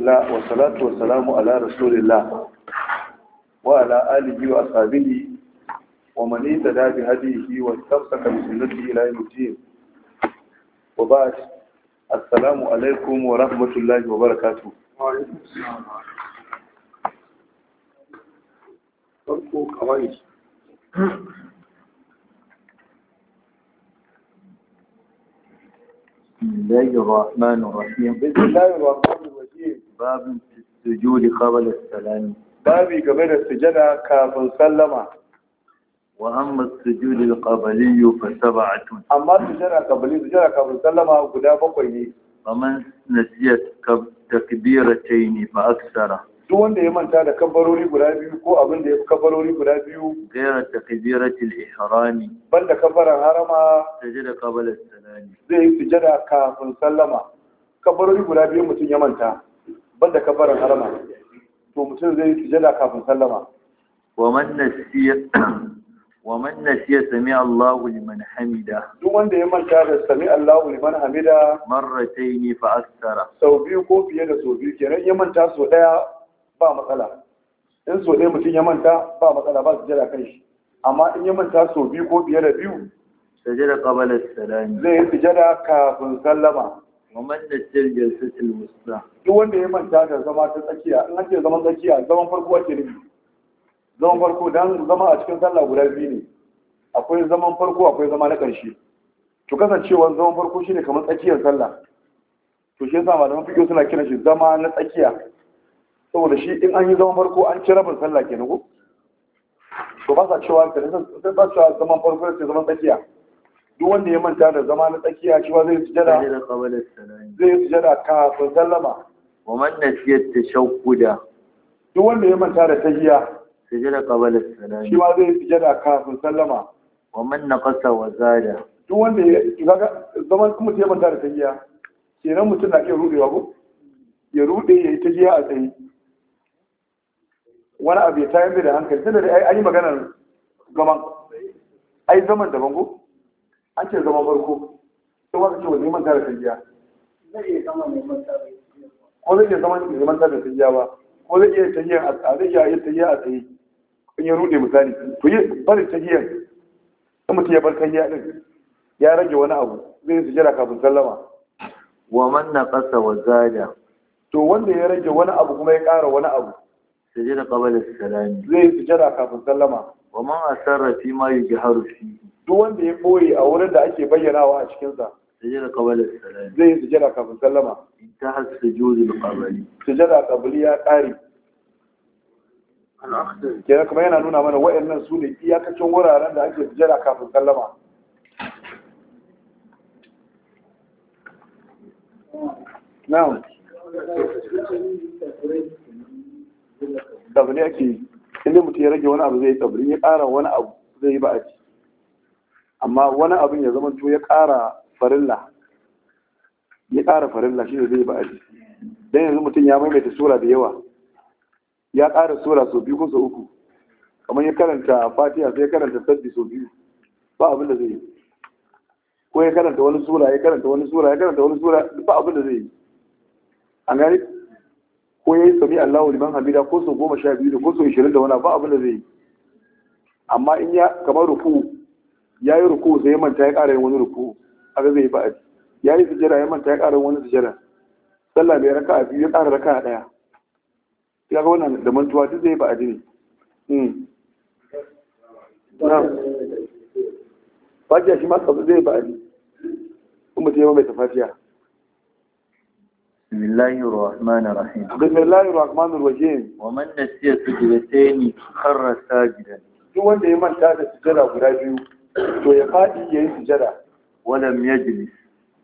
الله والصلاة والسلام على رسول الله وعلى آله وأصحابه ومن اهتدى بهديه واستمسك بسنته إلى يوم الدين وبعد السلام عليكم ورحمة الله وبركاته وعليكم السلام ورحمة بسم الله الرحمن الرحيم بسم الله الرحمن babin sujudi as-salam babi game da sujada kafin sallama wa amma sujudi al-qabli fa sab'atun amma sujada qabli sujada kafin sallama guda bakwai ne faman nasiyat takbiratayn fa aksara duk wanda ya manta da kabbarori guda biyu ko abin da ya kabbarori guda biyu gairar takbiratul ihrami banda kabbaran harama qabl as-salam zai yi sujada kafin sallama kabbarori guda biyu mutum ya manta banda kafaran harama to mutum zai yi jada kafin sallama wa man nasiya wa man nasiya sami Allahu liman hamida duk wanda ya manta da sami Allahu liman hamida marratayn fa aksara sau biyu ko fiye da sau biyu kenan ya manta sau daya ba matsala in sau daya mutum ya manta ba matsala ba sujada kan shi amma in ya manta sau biyu ko fiye da biyu sujada qabala salami zai yi sujada kafin sallama ومن نسل جلسة الوسطى duk wanda ya manta da zama ta tsakiya in ake zaman tsakiya zaman farko ake nufi zaman farko dan zama a cikin sallah guda biyu ne akwai zaman farko akwai zama na ƙarshe to kasancewar zaman farko shine kamar tsakiyar sallah to shi yasa malaman fiqh suna kiran shi zama na tsakiya saboda shi in an yi zaman farko an ci rabin sallah kenan ko to ba sa cewa ba sa cewa zaman farko sai zaman tsakiya duk wanda ya manta da zama na tsakiya shi ba zai sujada zai sujada kafin sallama wa man nasiya tashahhuda duk wanda ya manta da tahiyya sujada qabla salam shi ma zai sujada kafin sallama wa man naqasa wa zada duk wanda ya zama zaman kuma ya manta da tahiya kenan mutum na iya rudewa ko ya rude ya yi tahiya a tsaye wani abu ya tayar da hankali sai da ai an yi maganar gaman ai zaman da bango. an zama farko sai wata ce wa manta da ta ko zai iya zama mai manta da giya ba ko zai iya tafiya a zai iya yi tafiya a tsaye in ya rude misali to yi barin ta giya in mutum ya bar ta din ya rage wani abu zai yi sujjara kafin sallama wa man kasa wa zada to wanda ya rage wani abu kuma ya ƙara wani abu sujjara qabla salami zai yi sujjara kafin sallama wa man asarra fi ma yujharu fi duk wanda ya ɓoye a wurin da ake bayyanawa a cikinsa zai yi sujada kafin sallama ta has sujudi qabali sujada qabali ya ƙare kenan kuma yana nuna mana wa'annan su ne iyakacin wuraren da ake sujada kafin sallama na'am da ne ake inda mutum ya rage wani abu zai tabri ya ƙara wani abu zai yi ba'aji amma wani abin ya zama to ya ƙara farilla ya ƙara farilla shi ne zai ba aji dan yanzu mutum ya maimaita sura da yawa ya ƙara sura sau biyu ko sau uku kamar ya karanta fatiha sai ya karanta sabbi sau biyu ba abin da zai yi ko ya karanta wani sura ya karanta wani sura ya karanta wani sura ba abin da zai yi an gani ko ya yi sami allahu liman hamida ko sau goma sha biyu ko sau ishirin da wani ba abin da zai yi amma in ya kamar rufu ya yi ruku sai ya manta ya ƙara yin wani ruku ga zai yi ba'adi ya yi sujada ya manta ya ƙara yin wani sujada sallah bai raka a biyu ya ƙara raka a ɗaya ya ga wannan da mantuwa duk zai yi ba'adi ne hmm. fatiya shi ma tsatsu zai yi ba'adi kuma ya yi mamaita fatiya بسم الله الرحمن الرحيم بسم الله الرحمن الرحيم ومن نسي سجدتين خر ساجدا duk wanda ya manta da sujada guda biyu to ya faɗi ya yi sujada walam yajlis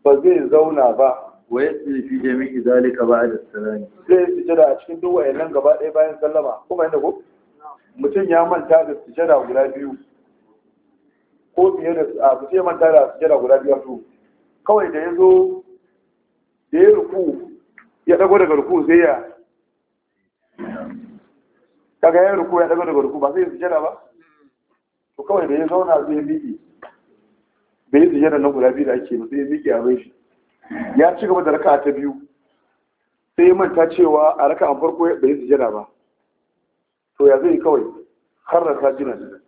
ba zai zauna ba wa yasjudu fi jami'i zalika da salami zai yi sujada a cikin duk nan gaba ɗaya bayan sallama kuma yanda ko mutum ya manta da sujada guda biyu ko biye da a mutum ya manta da sujada guda biyu to kawai da ya zo da ya ruku ya dago daga ruku sai ya kaga ya ruku ya dago daga ruku ba sai yi sujada ba to kawai da ya zauna zai miƙe bai yi da nan guda biyu da ake ba ya miƙe a shi ya ci gaba da raka ta biyu sai ya manta cewa a raka a farko bai yi ziyara ba to ya zai kawai har da ta jinan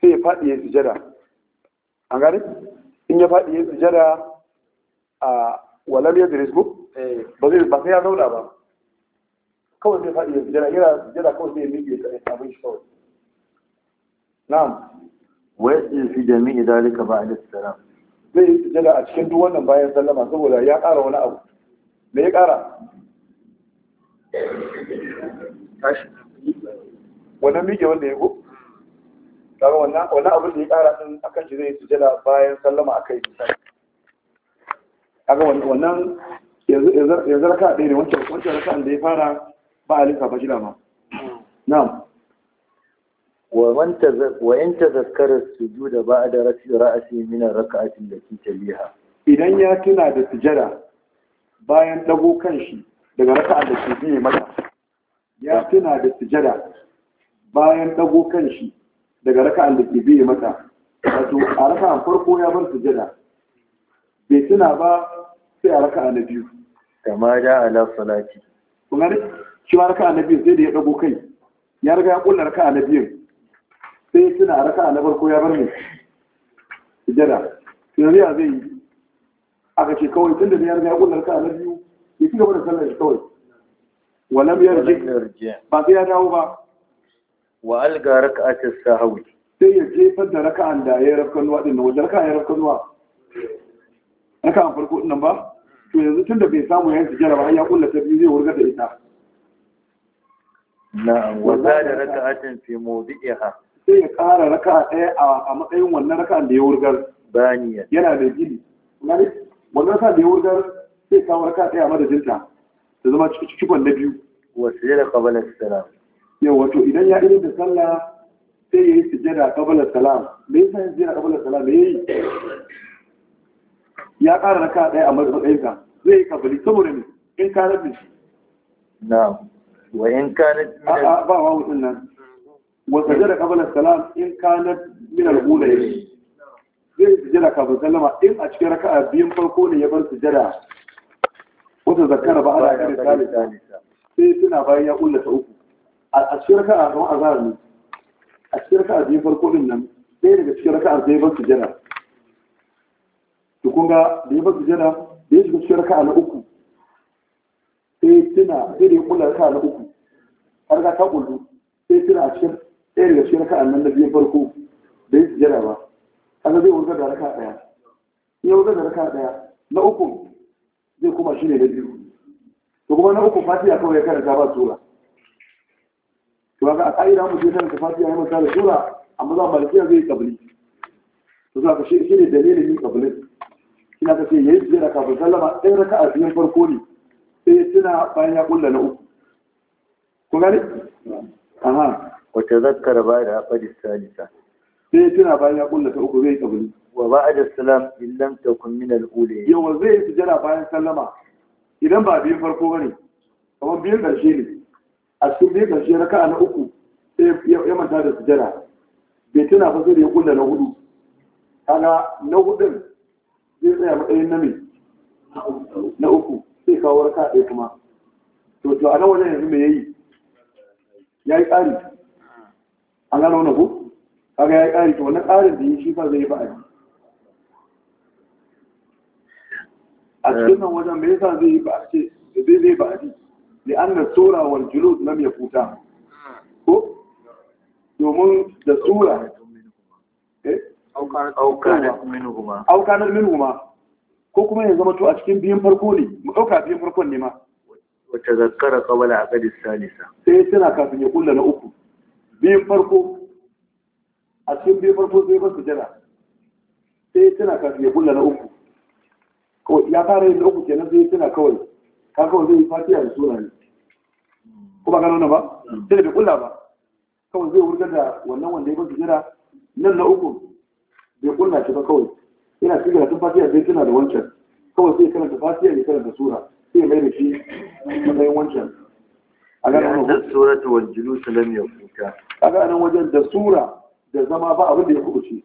sai ya faɗi ya yi sujada an gani in ya faɗi ya yi sujada a walar yadda risbu eh. ba zai ba sai ya zauna ba kawai sai faɗi ya sujada yana sujada kawai sai ya miƙe a shi kawai na'am ويسجد في جميع ba a السلام zai yi sujada a cikin duk wannan bayan sallama saboda ya ƙara wani abu me ya ƙara wannan miƙe wanda ya go kaga wannan wannan abin da ya ƙara din akan shi zai jada bayan sallama a kai kaga wannan yanzu raka ɗaya ne wancan wancan raka da ya fara ba a ba shi dama na'am وإن تذكر السجود بعد رفع رأسه من الركعة التي تليها idan ya tuna da sujada bayan dago kanshi daga raka'a da ke biye mata ya tuna da sujada bayan dago kanshi daga raka'a da ke biye mata wato a raka'a farko ya bar sujada bai tuna ba sai a raka'a na biyu kama da ala salati kun ga shi raka'a na biyu sai da ya dago kai ya riga ya kullar raka'a na biyu sai suna raka na farko ya bar ne sujada yanzu ya zai yi aka ce kawai tun da ya riga ya kullar ka na biyu ya ci gaba da sallar shi kawai walam yarji ba sai ya dawo ba wa alga raka'atis sahwi sai ya jefar da raka'an da ya yi rafkan nuwa din wajen raka'a ya rafkan nuwa an farko din nan ba to yanzu tun da bai samu ya sujada ba ya kullar ta biyu zai wurga da ita na'am wa zada raka'atin fi mawdi'iha sai ya ƙara raka ɗaya a matsayin wannan raka da ya wurgar baniya yana da gini wannan raka da ya wurgar sai kawo raka ɗaya a madadinta ta zama cikon na biyu wasu yana kabbalar salam yau wato idan ya irin da sallah sai ya yi sujjada kabbalar salam me yasa ya sujjada kabbalar salam me yayi ya ƙara raka ɗaya a matsayinka zai yi kabbali saboda ne in ka rabin shi na'am wa in kana ba wa wutin nan وسجد قبل السلام إن كانت من الأولى يلي zai sujada kafin Salama, in a cikin raka'a biyun farko ne ya bar sujada wata zakara ba ala kare talita sai suna bayan ya kulla ta uku a cikin raka'a kamar azhar ne a cikin raka'a biyun farko din nan sai daga cikin raka'a sai ya bar sujada Tukun ga da ya bar sujada da ya shiga cikin raka'a na uku sai tuna sai da ya kulla raka'a na uku har ga ta kullu sai tuna a cikin ɗaya daga cikin raka'an nan na biyan farko da yi jira ba kaga zai wurga da raka ɗaya ya wurga da raka ɗaya na uku zai kuma shi ne na biyu to kuma na uku fatiya kawai ya karanta ba sura to ga a ƙa'ida mu je karanta fatiya ya masa da sura amma za malikiya zai yi kabli to za ka shi ne dalilin yin kablin kina ka ce yayi sujjada kafin sallama ɗaya raka'a biyan farko ne sai tuna bayan ya kulla na uku ko gani aha wata zakkar ba da haɓari salisa bayan ya kulla ta uku zai kabuli wa ba a da salam illam ta kun min al'ule yawa zai yi sujada bayan sallama idan ba biyun farko ba ne kamar biyun ƙarshe ne a cikin biyun ƙarshe na ka'a na uku sai ya manta da sujada bai tuna fa sai da na hudu kaga na zai tsaya matsayin na mai na uku sai kawo raka ɗaya kuma to to a nan yanzu me yayi ya yi ƙari an gano wani ku kaga ya yi ƙari to wannan ƙarin da yi shi fa zai yi ba'adi a eh. cikin nan wajen me yasa zai yi ba'adi zai zai ba'adi da an na tsora wal julud lam ya futa ko domin da tsora eh? aukanar minhuma ko kuma ya zama to a cikin biyan farko ne mu ɗauka biyan farkon ne ma wata zakkara kawala a ƙadis salisa sai tana kafin ya kulla na uku biyun farko a cikin biyun farko zai bar sujada sai tana kafin ya bulla na uku kawai ya fara yin na uku kenan sai tana kawai ka kawai zai yi fatiya da sura ne ko ba gano ba sai da bai kulla ba kawai zai wurgar da wannan wanda ya su sujada nan na uku bai kulla shi ba kawai yana cikin karatun fatiya sai tana da wancan kawai sai karanta fatiya ya karanta sura sai ya mai da shi matsayin wancan A السورة والجلوس لم يفوتا أقول da zama ba abin da ya kuɓuce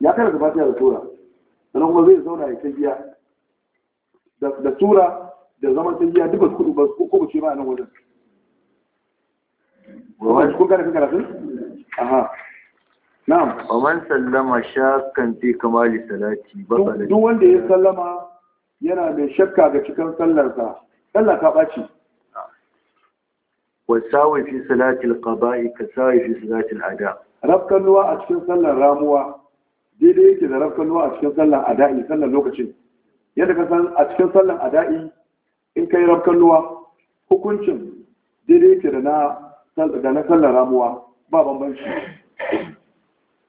ya kana da fatiha da tura sannan kuma zai zauna ya tafiya da tura da zama tafiya duka su kuɗu ba su kuɓuce ba a nan wajen wani kun gane kan karatun aha na'am wa man sallama shakkan fi kamali salati ba duk wanda ya sallama yana mai shakka ga cikin sallarsa sallah ta ɓaci wasawi fi salatil qada'i ka sawi fi salatil ada rafkan ruwa a cikin sallar ramuwa daidai yake da rafkan ruwa a cikin sallar ada'i sallar lokacin yadda ka san a cikin sallar ada'i in kai rafkan ruwa hukuncin daidai yake da na sallar ramuwa ba bambanci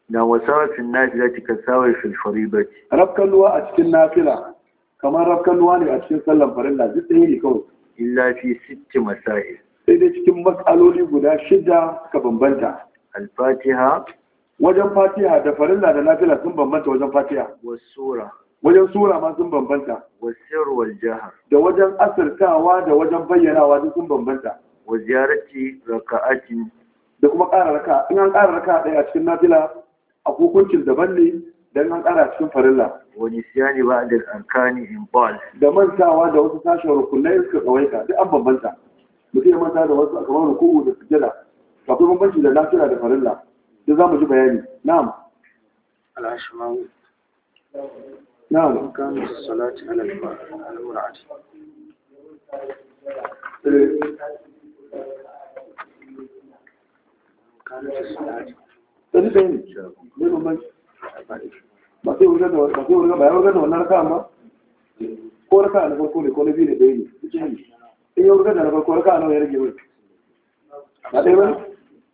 da wasawa fi nafila ka sawi fi faribati rafkan ruwa a cikin nafila kamar rafkan ruwa ne a cikin sallar farilla duk ɗaya ne kawai illa fi sitti masail sai dai cikin matsaloli guda shida suka bambanta al-fatiha wajen fatiha da farilla da nafila sun bambanta wajen fatiha wasura wajen sura ma sun bambanta wasir wal jahar da wajen asirtawa da wajen bayyanawa duk sun bambanta wa ziyarati raka'ati da kuma ƙara raka in an ƙara raka ɗaya a cikin nafila a hukuncin daban ne dan an ƙara cikin farilla wa nisyani ba'da al-arkani in bal da mantawa da wasu sashen rukunai suka tsawaita duk an bambanta mutum ya manta da wasu kamar ruku'u da sujjada akwai bambanci da lafiya da farilla da za mu ji bayani na'am al'ashmawi na'am kamar salati ala al-mur'ati Tadi saya ni, ni rumah. Masih urut ada, masih urut ada. Bayar urut ada. Mana rakam? Kau rakam, kau kau kau lebih lebih. Macam ni. sai ya da na farko nawa ya rage ba ɗaya ba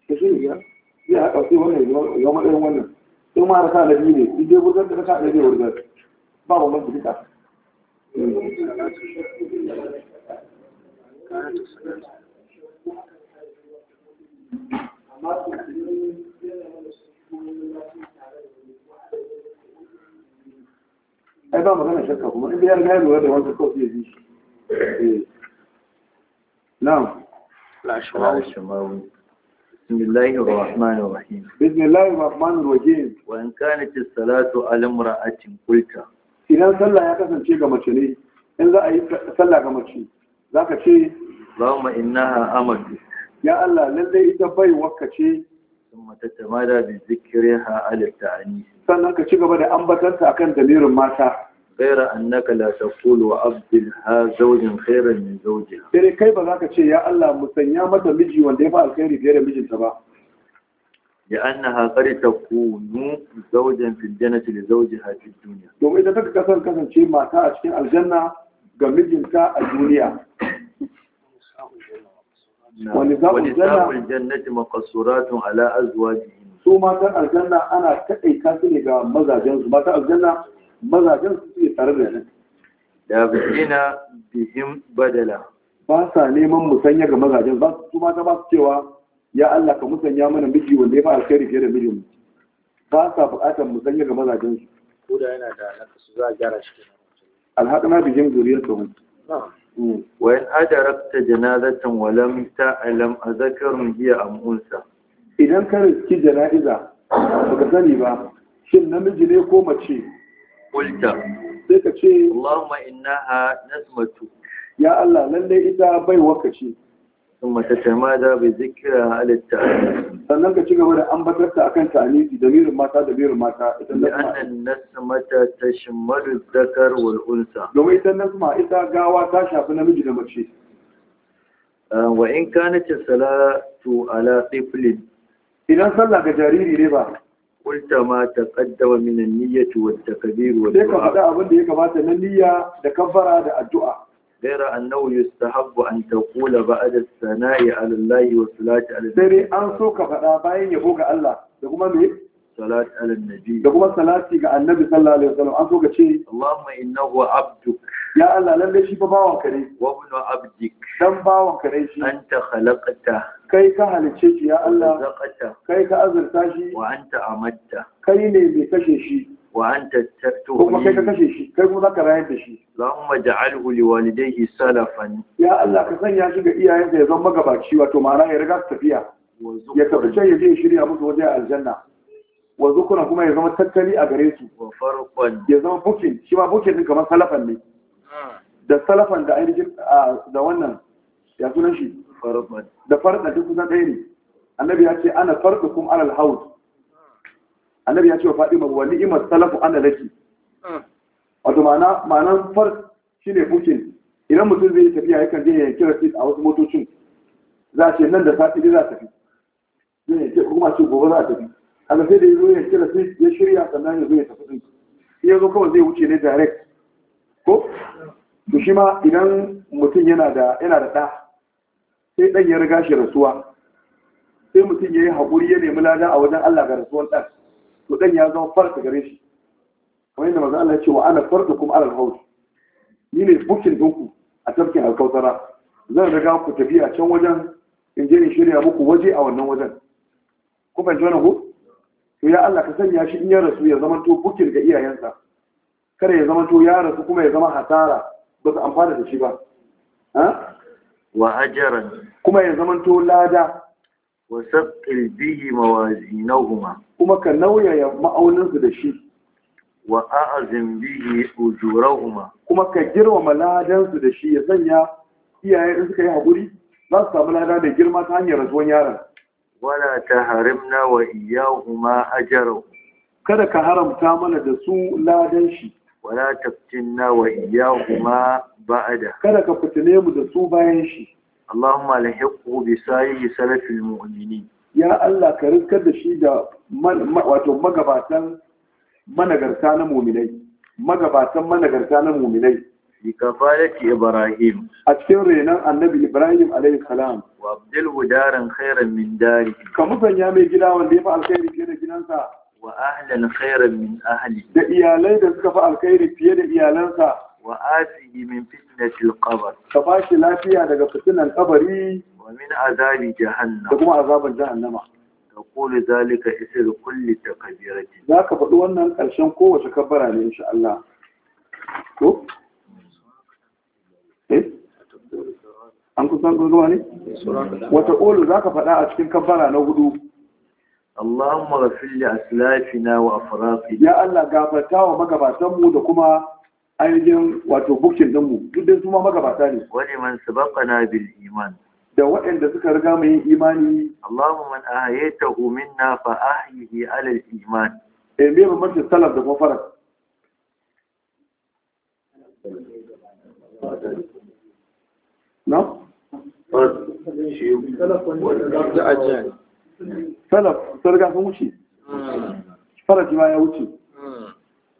ta shi ne ya ya haka sai wannan ya matsayin wannan sai ma biyu ne da na ba wa mafi duka ai ba magana shakka kuma in biyar na yi lura da wancan kawai zai نعم العشماوي بسم الله الرحمن الرحيم بسم الله الرحمن الرحيم وإن كانت الصلاة على امرأة قلت إذا صلى يا كسن شيء كما تشي إن لا صلى كما تشي ذاك شيء اللهم إنها أمد يا الله للي إذا بي وكتشي ثم تتمادى بذكرها على التعنيف sannan ka ci gaba da ambatarta akan damirin mata غير أنك لا تقول وأبدلها زوج خيرا من زوجها ترى كيف ذاك شيء يا الله مسنيا متى مجي واندفع الخير غير مجي تبا لأنها قد تكون زوجا في الجنة لزوجها في الدنيا دوم إذا تك كسر كسر شيء ما تأشكين الجنة قمجنك الدنيا ونساء الجنة, مقصورات على أزواجهم su matan aljanna ana taƙaita su ne ga mazajensu matan aljanna mazajen su suke tare da nan da bihina bihim badala ba sa neman musanya ga mazajen ba su ta ba su cewa ya Allah ka musanya mana miji wanda ya fi alkhairi fiye da mijin mu ba sa buƙatar musanya ga mazajen su ko da yana da alaƙa su za a gyara shi kenan alhaqna bihim zuriyatuhum mm. wa in adarakta janazatan ta alam a zakarun biya a unsa idan ka riski jana'iza ba ka sani ba shin namiji ne ko mace kulta sai ka ce Allahumma innaha nasmatu ya Allah lalle ita bai ce. wakace ثم تتمادى بذكرها على التعليم sannan ka ci gaba da ambatarta akan ta'anisi da mirin mata da mirin mata idan na nasmata tashmalu dhakar wal unsa domin ita nasma ita gawa ta shafi namiji da mace wa in kanat salatu ala tiflin idan sallah ga jariri ne ba قلت ما تقدم من النية والتكبير والدعاء ليك فدا أبن ديك ما تنية دكبر هذا الدعاء غير أنه يستحب أن تقول بعد الثناء على الله والصلاة على النبي سيري أنسوك فدا باين يبوك الله لكما ميك صلاة على النبي لكما صلاة على النبي صلى الله عليه وسلم أنسوك شيء اللهم إنه عبدك يا الله لن يشي بباوك لي وابن عبدك دم باوك لي أنت خلقته kai ka halice shi ya Allah kai ka azurta shi wa anta amatta kai ne mai kashe shi wa anta tattu kuma kai ka kashe shi kai kuma zaka rayar da shi Allahumma ja'alhu li walidayhi salafan ya Allah ka sanya shi ga iyayensa ya zama magabaci wato ma'ana ya riga su tafiya ya tafi can ya je shirya musu waje a aljanna wa zukuna kuma ya zama tattali a gare su wa farqan ya zama bukin shi ma bukin din kamar salafan ne hmm. da salafan da ainihin ah, da wannan ya sunan shi da farka duk kusan ɗaya ne annabi ya ce ana farka kuma alal haud annabi ya ce wa fadima wa ni'imar salafu ana laki hmm. wato ma'ana ma'anar shi ne bukin idan mutum zai tafiya ya kan je ya kira sit a wasu motocin za a ce nan da sati za a tafi zai ce kuma ce gobe za a tafi kaga sai da ya zo ya yanki rasit ya shirya sannan ya zo ya tafi din ya zo kawai zai wuce ne direct ko to shi ma idan mutum yana da yana da ɗa sai ɗan ya riga shi rasuwa sai mutum ya yi haƙuri ya nemi lada a wajen Allah ga rasuwan ɗan to ɗan ya zama farta gare shi kamar yadda maza Allah ya ce wa ana farta kuma ala alhaus ni ne bukin duku a tafkin alkautara zan riga ku tafiya can wajen in je in shirya muku waje a wannan wajen ku fahimci wannan ku? to ya Allah ka sanya shi in ya rasu ya zama to bukin ga iyayensa kada ya zama to ya rasu kuma ya zama hasara ba su amfana da shi ba wa ajaran kuma ya zamanto lada wa sabqil bihi mawazinahuma kuma ka nauyaya ma'auninsu da shi wa a'azim bihi ujurahuma kuma ka girmama ladansu da shi ya sanya iyaye in suka yi haƙuri za su samu lada da girma ta hanyar rasuwan yaron wala ta harimna wa iyahuma ajarahum kada ka haramta mana da su ladan shi wala taftinna wa iyyahuma ba'da kada ka fitile mu da su bayan shi Allahumma lahiqhu bi sahihi salafil mu'minin ya Allah ka rikar da shi da wato magabatan managarta na mu'minai magabatan managarta na mu'minai bi Ibrahim a cikin renan Annabi Ibrahim alayhi salam wa abdilhu daran khairan min dari ka musanya mai gida wanda ya fi alkhairi fiye da gidansa wa ahlan khairan min ahli da iyalai da suka fi alkhairi fiye da iyalansa wa afihi min fitnatil qabr ka bashi lafiya daga fitinan kabari wa min azabi jahannam da kuma azaban jahannama taqulu zalika isir kulli Za ka faɗi wannan ƙarshen kowace kabbara ne insha Allah to eh an kusan gurgurwa ne wata ƙolu za ka faɗa a cikin kabbara na hudu اللهم غفر لأسلافنا وأفراطنا يا الله غفرتا ومغباتنمو da kuma ainihin wato bukin dinmu duk dai kuma magabata ne wani man iman da waɗanda suka riga mu yin imani Allahumma man ahyaytahu minna fa ahyihi ala al iman eh me ba mutum salaf da kuma ajiyar salaf sun sun wuce faraci ma ya wuce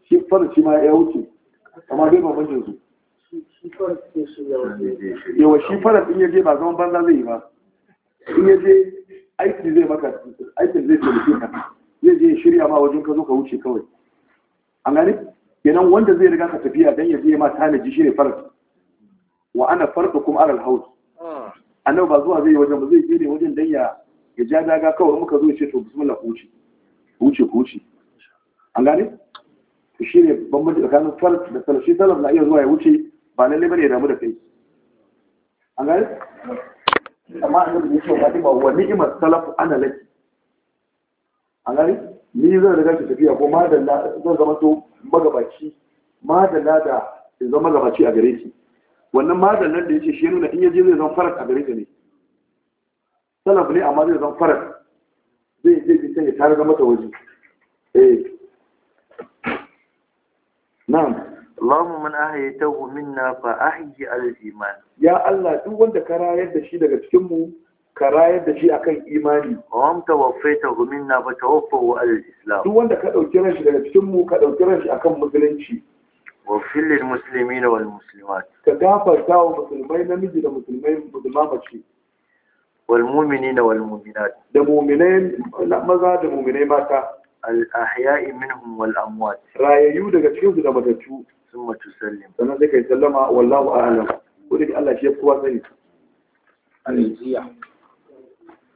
shi faraci ma ya wuce amma bai bambancin su yawa shi faras in yaje ba zaman banza zai yi ba in yaje aiki zai maka aikin zai taimake ka zai je shirya ma wajen ka zo ka wuce kawai an gani kenan wanda zai riga ka tafiya dan ya je ma tanaji shi ne faras wa ana farko kuma alal haus annabi ba zuwa zai wajen ba zai je ne wajen dan ya ya ja daga kawai muka zo ce to bismillah ku wuce ku wuce ku wuce an gane to shi ne bambanci tsakanin salaf da salaf shi salaf na iya zuwa ya wuce ba lalle bane ya damu da kai an gane amma annabi ya ba ba, wa ni'imar salaf ana laki an gane ni zan riga ki tafiya ko madalla zan zama to magabaci madalla da zama magabaci a gare ki wannan madallan da yace shi nuna in yaje zai zama farat a gare ka ne salaf ne amma zai zan farar zai je jikin ta tare da mata waje eh na'am Allahumma man ahyaytahu minna fa ahyi al-iman ya Allah duk wanda ka rayar da shi daga cikin mu ka rayar da shi akan imani wa am tawaffaytahu minna fa tawaffahu al-islam duk wanda ka dauki ran daga cikin mu ka dauki ran akan musulunci wa fil muslimina wal muslimat ka gafarta wa musulmai namiji da musulmai musulma mace wal na wal da mu'minai maza da mu'minai mata al ahya'i minhum wal amwat rayayu daga cikin su da matattu sun summa Sallim. sannan zai kai sallama wallahu a'lam ko da Allah shi ya kowa sani al-jiya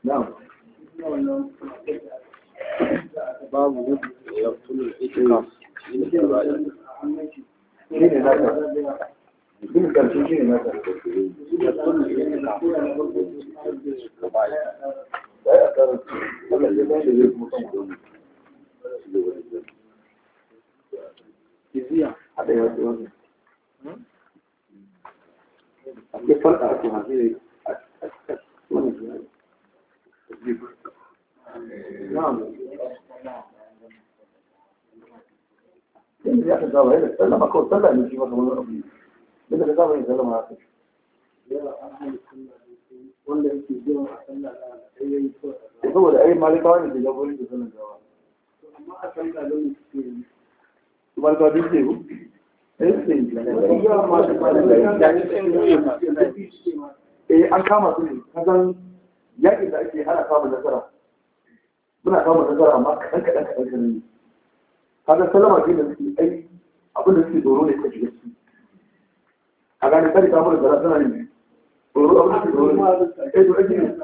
na'am babu yaqtul itikaf shi ne naka mutum karshe shi ne na Yanzu ya ka zawa yadda tsalla maka wasan da abinci maka wani abu duka da kawai zama ma kai a da saboda ai malikawa ne da gabori da gawa amma a da ne suke yi malikawa duk ke eh, eh an kama su ne yakin da ake hana kama nasara muna kama nasara amma kaɗan kaɗan kaɗan kaɗan ne kasan salama ke da suke ai abinda suke tsoro ne ta shiga a gane kare ta mana zara tana ne tsoro abu da ke tsoro ne eh, to ake ne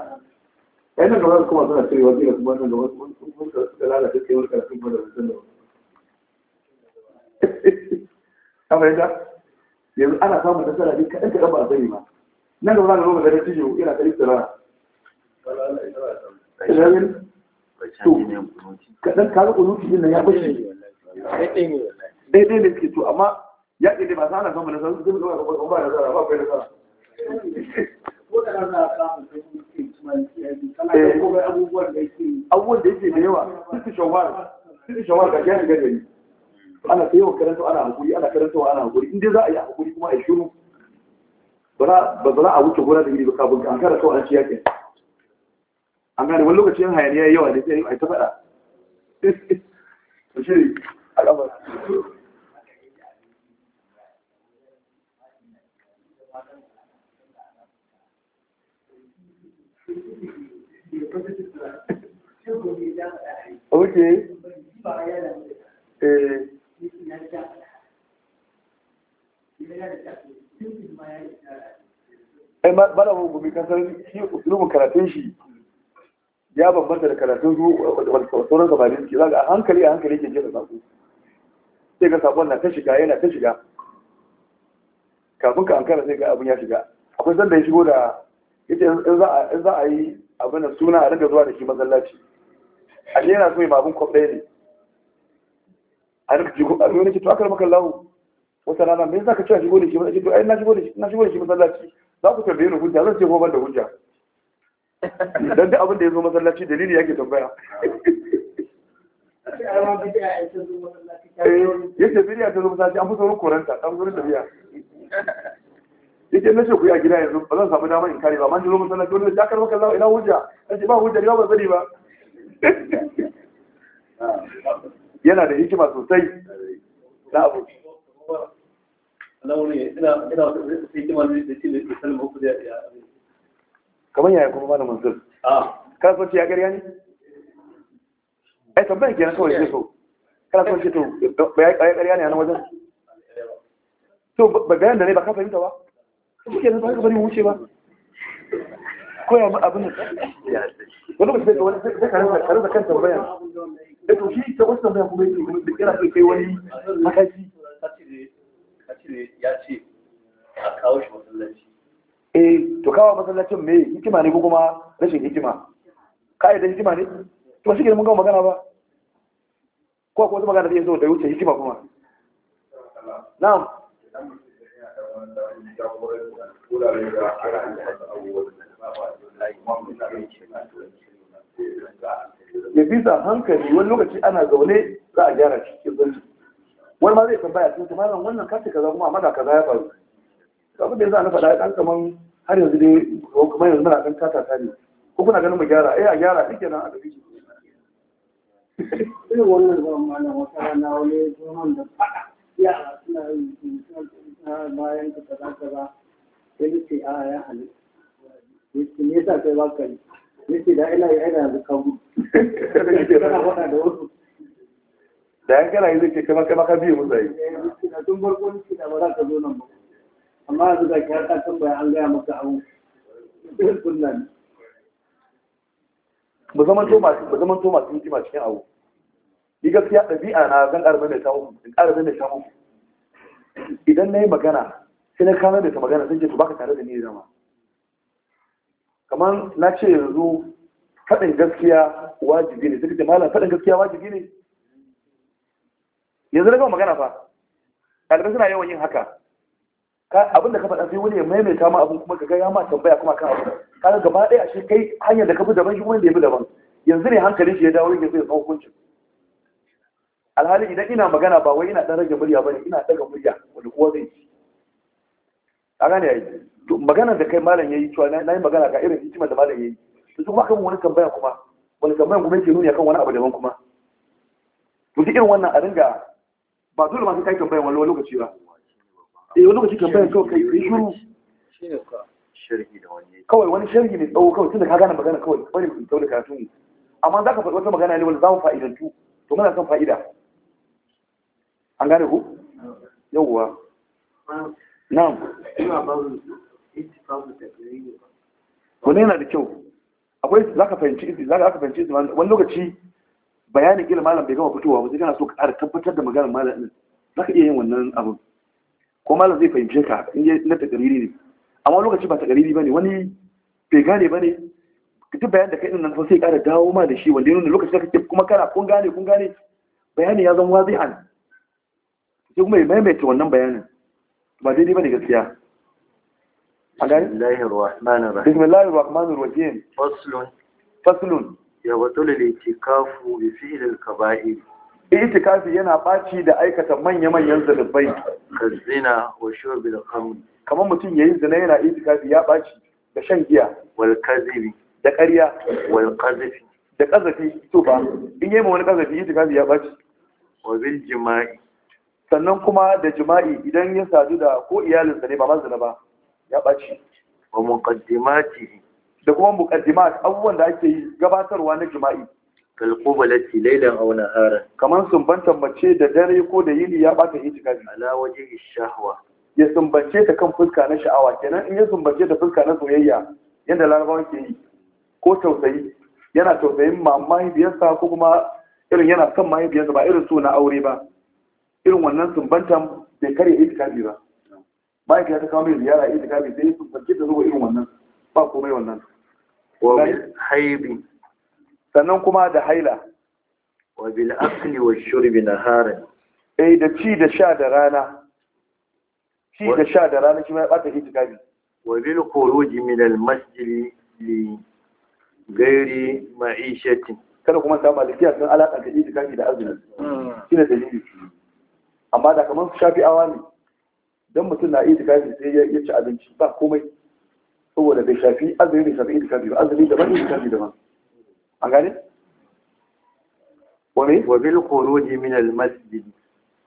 ai nan gaba kuma suna cire wasu ga kuma nan gaba sun suka ke kai wani karatun kuma da wasu da wasu amma yadda yanzu ana samun nasara ne kaɗan kaɗan ba a sani ba nan gaba na gaba ganin cijo yana kare tsara kaɗan kaga kunuti din nan ya fashe daidai ne suke to amma yaƙi ne ba sa ana samun nasara sun zuwa ga ba nasara ba kai nasara abubuwan da yake da yawa suke shawar suke shawar ga gani gani ana ta yawan karanta ana hakuri ana karanta wa ana hakuri in za a yi hakuri kuma a yi shuru ba za a wuce gona da iri ba kafin an kara kawai an ci yaƙin an gane wani lokacin hayaniya yawa ne sai a yi ta faɗa. Shi ne al'amari. ok eh, eh ai bala wani gumi kan sarari shi usulubin karatun shi ya bambanta da karatun su sauran gabanin ke zaga a hankali a hankali ke jefa sako sai ga sakon na ta shiga yana ta shiga kafin ka ankara sai ga abin ya shiga akwai sanda ya shigo da ita in za a yi abin suna a rinka zuwa da shi masallaci ashe yana so ya babun kwaf ɗaya ne a duk jigo a nuna ce to aka maka lahu wata rana me yasa ka a shigo da shi ba ce to ai na shigo da shi na shigo da shi masallaci za ku tambaye ni hujja zan ce ko ban da hujja dan duk abin da ya zo masallaci dalili yake tambaya Ya ce eh, bidiya ta zo masallaci an fi saurin koranta an fi saurin tafiya yake na ce ku yi a gida yanzu ba zan samu damar in kare ba man ji zo masallaci wani da jakar maka lahu ina hujja an ce ba hujja ni ba ban sani ba yana da hikima sosai kamar yaya kuma ah. kana son ya ya ne ai ke na kawai ke so kana son ce to ya ne a wajen to bayan da ne ba ka fahimta ba kuma ke ba bari wuce ba koya mu abin wani mutum da wani sai ka rasa kan tambayan da to shi ta wasu tambayan kuma yake da kira sai kai wani makaji ya ce a kawo shi masallaci eh to kawo masallacin me hikima ne ko kuma rashin hikima kai da hikima ne to shi ke mun ga magana ba ko ko magana zai zo da wuce hikima kuma na'am ya bisa hankali wani lokaci ana zaune za a gyara cikin zanci wani ma zai tambaya sun ta malam wannan kace kaza kuma amma ga kaza ya faru abin da yanzu ana faɗa ɗan kaman har yanzu ne kuma yanzu muna ɗan tata ta ne ko kuna ganin mu gyara eh a gyara duk kenan a gabi irin wannan ba malam wata rana wani zuwan da faɗa yara suna yin bayan kaza kaza sai ce a ya halitta yake me yasa kai ba ka yi yake da ina yi aina yanzu ka gudu kana da yan kana yi zai ce kamar kamar ka biyu musa yi tun farko nake da ba za ka zo nan ba amma yanzu da ka ta tambaya an gaya maka abu sunna ba zaman to masu ba zaman to masu hikima cikin abu ni gaskiya ɗabi'a na zan ƙara mai ta in ƙara mai ta muku idan na yi magana sai na kama da ta magana sun ke to baka tare da ni zama kamar na ce yanzu faɗin gaskiya wajibi ne sai ce malam faɗin gaskiya wajibi ne yanzu na gama magana fa ɗalibai suna yawan yin haka abinda ka faɗa sai wani ya maimaita ma abin kuma kaga ya ma tambaya kuma kan abu ga gaba ɗaya shi kai hanyar da ka bi daban shi da ya bi daban yanzu ne hankali shi ya dawo yake zai tsawon hukuncin alhali idan ina magana ba wai ina ɗan rage murya ba ne, ina ɗaga murya wani kowa zai ci a gane ya yi magana da kai malam ya yi cewa na yi magana ga irin hikimar da malam ya yi to kuma kan wani tambaya kuma wani tambaya kuma yake nuni akan wani abu daban kuma to duk irin wannan a ringa ba dole ma sai kai tambaya wani lokaci ba eh wani lokaci tambaya kawai kai yi wani kawai wani sharhi ne tsawo kawai tunda ka gane magana kawai bari mu tsawo da karatun amma za ka faɗi wata magana ne wanda za mu fa'idantu to muna son fa'ida an gane ku yawwa na'am ina wannan yana da kyau akwai za ka fahimci za ka fahimci wani lokaci bayanin ilin malam bai gama fitowa ba sai kana so ka ƙara tabbatar da maganar malam din za ka iya yin wannan abu ko malam zai fahimce ka in yi na takariri ne amma lokaci ba takariri ba ne wani bai gane ba ne duk bayan da kai nan sai ƙara dawo ma da shi wanda ya nuna lokaci da kake kuma kana kun gane kun gane bayani ya zama wazi'an sai kuma ya maimaita wannan bayanin ba daidai ba ne gaskiya a gani? bismillahir rahmanir rahim faslun faslun ya wato lalitikafu bi fi'lil kaba'ir itikafi yana baci da aikata manya-manyan zanubai ka zina wa shurbi da kamun kamar mutum yayin zina yana itikafi ya baci da shan giya wal kazibi da ƙarya wal qazifi da kazafi to ba in yi ma wani ita itikafi ya baci wa bil jima'i sannan kuma da jima'i idan ya sadu da ko iyalinsa ne ba mazina ba ya ɓaci wa ƙaddimati da kuma ƙaddimati abubuwan da ake gabatarwa na jima'i kal qubalati laylan aw hara kamar sumbantar mace da dare ko da yini ya bata itikafi ala wajhi shahwa ya sumbance ta kan fuska na sha'awa kenan in ya sumbance ta fuska na soyayya yadda larabawa ke yi ko tausayi yana tausayin mahaifiyarsa ko kuma irin yana son mahaifiyarsa ba irin so na aure ba irin wannan sumbantan bai karya itikafi ba bayan ka ta kawo mai ziyara itikafi sai ya sumbanci ta zuwa irin wannan ba komai wannan wa haibi sannan kuma da haila wa bil wa shurbi harin eh da ci da sha da rana ci da sha da rana shi ma ya bata itikafi wa bil khuruji min al masjid li gairi ma'ishatin kada kuma ta malikiya sun alaka da itikafi da azumi hmm. shine dalili amma da kamar shafi awa ne don mutum na iya itikafi sai ya ci abinci ba komai saboda bai shafi azumi bai shafi itikafi ba azumi daban itikafi daban a gane wani wa bil khuruji min al masjid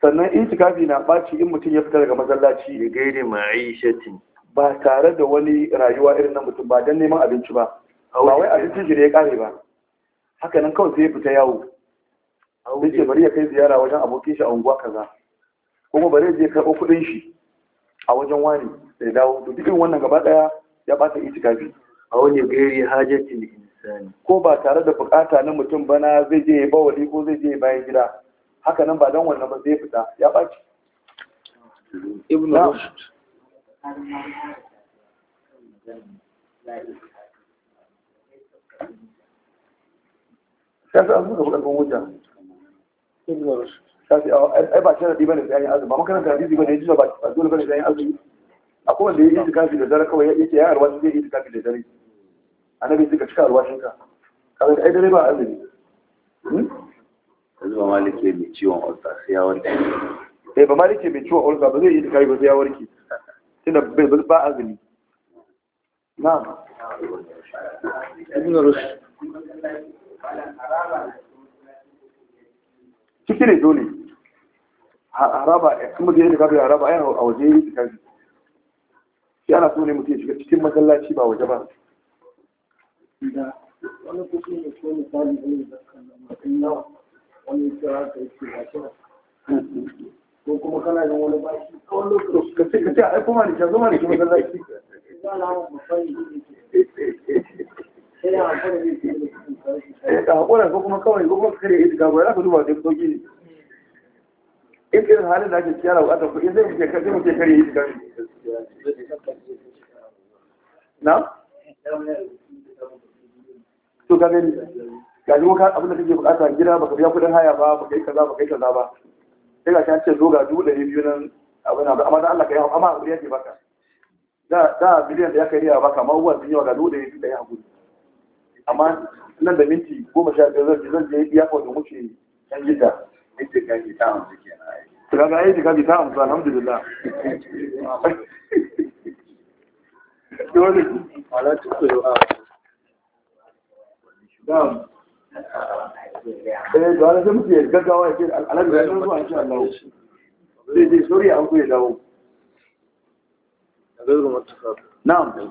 sannan itikafi na baci in mutum ya fita daga masallaci da gaire ma'aishatin ba tare da wani rayuwa irin na mutum ba don neman abinci ba ba wai abinci shi ya kare ba haka nan kawai sai ya fita yawo sai bari ya kai ziyara wajen abokin shi a unguwa kaza kuma bare je karɓo kuɗin shi a wajen wani da dawo to dukkan wannan gaba ɗaya ya ɓata itikafi a wani gari hajjatin insani ko ba tare da bukata na mutum bana zai je ya bawali ko zai je bayan gida haka nan ba don wannan ba zai fita ya ɓaci ibn rushd kasa an ibn rushd ai oh, eh, eh, ba sharadi bane sai an yi azumi ba makaranta hadisi bane yaji ba dole bane sai an yi azumi akwai wanda ya yi itikafi da dare kawai yake ya arwashi zai yi itikafi da dare annabi suka cika arwashin ka kaga ai dare ba azumi hmm? yanzu ba malike mai ciwon ulcer sai ya warke eh ba malike mai ciwon ulcer ba zai yi itikafi ba sai ya warke tunda bai ba azumi na'am ibn rushd ciki ne dole haraba kuma da yadda kafin haraba a waje yi tsakani shi ana so ne mutum ya shiga cikin masallaci ba waje ba wani ko kuma kana wani Eh, ka hakura ko kuma kawai ko kuma kare itika ko ya ka duba duk doki ne in irin halin da ake kiyara bukatar kuɗi zai muke kare muke kare itika na to ka gani ga ji muka abin da kake bukata gida baka biya kuɗin haya ba baka yi kaza baka yi kaza ba sai ga ta ce zo ga dubu ɗari biyu nan abin da amma da Allah ka yi amma hakuri yake baka da da biliyan da ya kai ya baka amma uwan sun yi wa ga dubu ɗari biyu da ya hakuri amma nan da minti goma sha biyar zan zan je iya da muke can gida inda gaji ta amsa kenan to kaga ai gaji ta amsa alhamdulillah dole wala tuku a da eh dole sai muke gaggawa yake alhamdulillah zuwa insha Allah zai je soriya an ku ya dawo na'am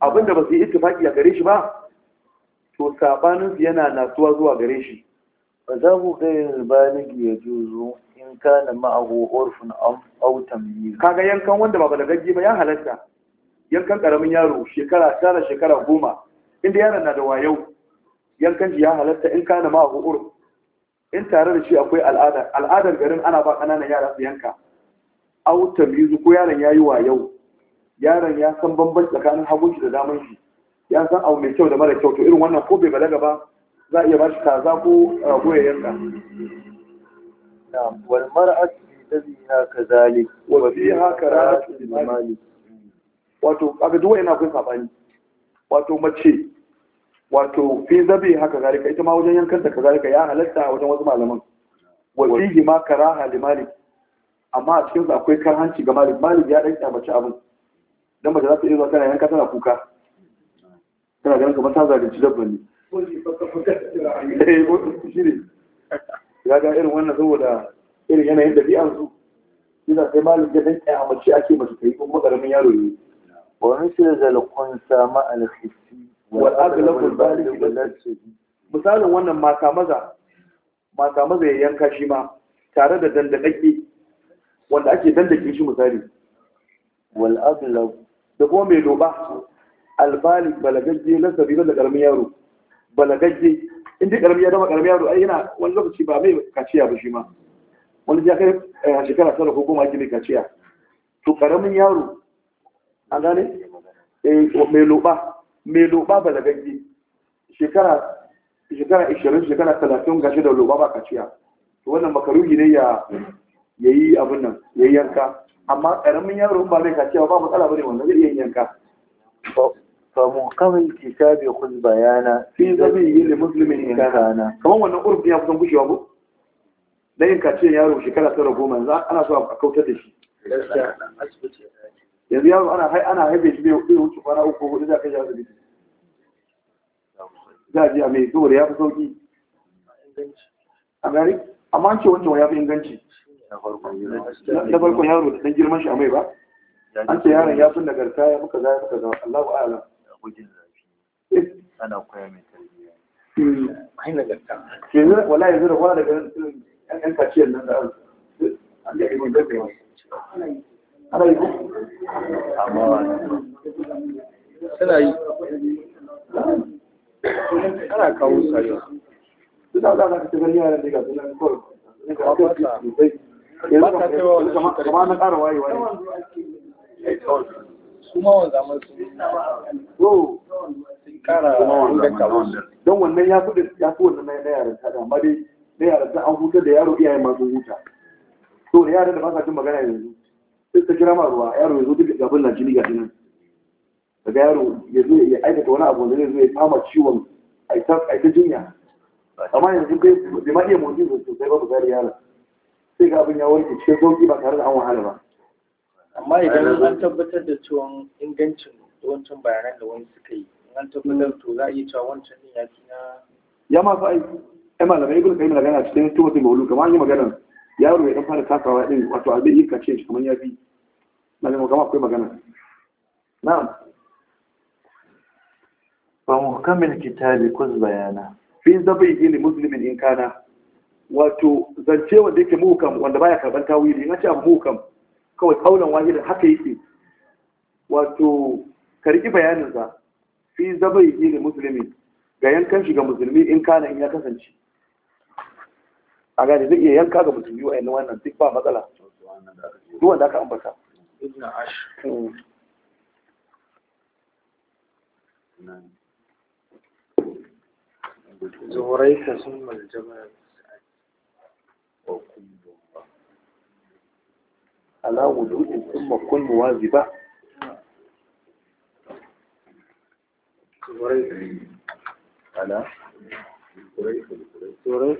abinda ba su yi itifaki a gare shi ba to sabanin su yana nasuwa zuwa gare shi Ba za ku kai ni ya juzu in na ma'ahu orfin autan tamyiz kaga yankan wanda ba gaji ba ya halatta yankan karamin yaro shekara tara shekara goma inda yaron na da wayau yankan ji ya halatta in na ma'ahu orfin in tare da shi akwai al'ada al'adar garin ana ba ƙananan yara su yanka aw tamyiz ko yaron yi wayau yaron ya san bambam tsakanin hagun shi da daman shi ya san abu mai kyau da mara kyau to irin wannan ko bai balaga ba za a iya ba shi kaza ko rago ya yanka na'am wal mar'at dabiha kazalik wa fiha karatu malik wato kaga duwa yana kun sabani wato mace wato fi zabi haka zalika ita ma wajen yankan ta kazalika ya halatta wajen wasu malaman wa fihi ma karaha li malik amma a cikin akwai karhanci ga malik malik ya dan mace abin dan mace za ta iya zuwa tana yanka tana kuka tana ganin kamar ta zalunci dabba ne eh, ya ga irin wannan saboda irin yanayin ɗabi'an su yana sai malin da dan kyamace ake mace ta yi kuma karamin yaro ne Wani wa da zalqun sama al-hissi wal aghlaqu al-baligh misalin wannan mata maza mata maza ya yanka shi ma tare da dandakake wanda ake dandake shi misali wal aghlaqu da kuma mai doba albalik balagajje na sabilan da karamin yaro balagajje inda karamin yaro karamin yaro ai yana wani lokaci ba mai kaciya ba shi ma wani ya kai eh, a shekara tara ko goma ake mai kaciya to karamin yaro an gane eh, mai loba mai loba balagajje shekara shekara 20 shekara 30 gashi da loba ba kaciya to wannan makaruhi ne ya yayi abin nan yayi yanka amma karamin yaro ba zai kaciya ba matsala bane wannan zai iya yanka fa kawai kitabi khudh bayana fi zabi li muslimin kana Kamar wannan urfi ya kusan gushewa ko dan yin kaciyan yaro shekara tara goma yanzu ana so a kautar da shi yanzu yaro ana hai ana haife shi bai wuce kwana uku hudu za ka ji asibiti za a ji a mai saboda ya fi sauki a gari amma an ce wancan ya fi inganci na farkon yaro da dan girman shi a mai ba an ce yaron ya fi nagarta ya muka za ya muka zama Allah wa alam eh. ana koya mai tarbiyya hmm. ai nagarta yanzu wala yanzu da kwana daga yan kaciyar nan da an da ibon da kai ana yi amma suna yi ana kawo sayo suna da aka tafi yaran da ga sunan kawai kama na ƙara don wannan ya fi ya fi wannan na ta da dai na an hutar da yaro iyaye masu huta to da yaran da ba sa magana yanzu sai ta kira ma ruwa yaro ya zo duk gabin na jini ga jinin daga yaro ya zo ya aikata wani abu da zai zo ya kama ciwon a jinya amma yanzu bai ma iya motsi sosai ba ba zai yaran sai ga abin ya wanke ce sauki ba tare da an wahala ba amma idan an tabbatar da cewa ingancin wancan bayanan da wani suka yi an tabbatar to za a iya cewa wancan ne ya fi na ya ma aiki ya ai malamai ibnu kayyim magana cikin tumatin bawulu kamar an yi magana yaro ya dan fara tasawa din wato abin yi kace shi kamar ya fi malamai kamar akwai magana na'am fa muhkamil kitabi kuz bayana fi zabi li musulmin in kana wato zance wanda yake muhukam wanda baya karban tawili na ce abu muhukam kawai kaulan wahidan haka yake wato karki bayanin sa fi zaba yi ne musulmi ga yankan shi ga musulmi in kana in ya kasance a gani zai iya yanka ga musulmi wa'in wannan duk ba matsala duwan da aka ambata ka sun ala wudu wudu'in thumma kun ba ala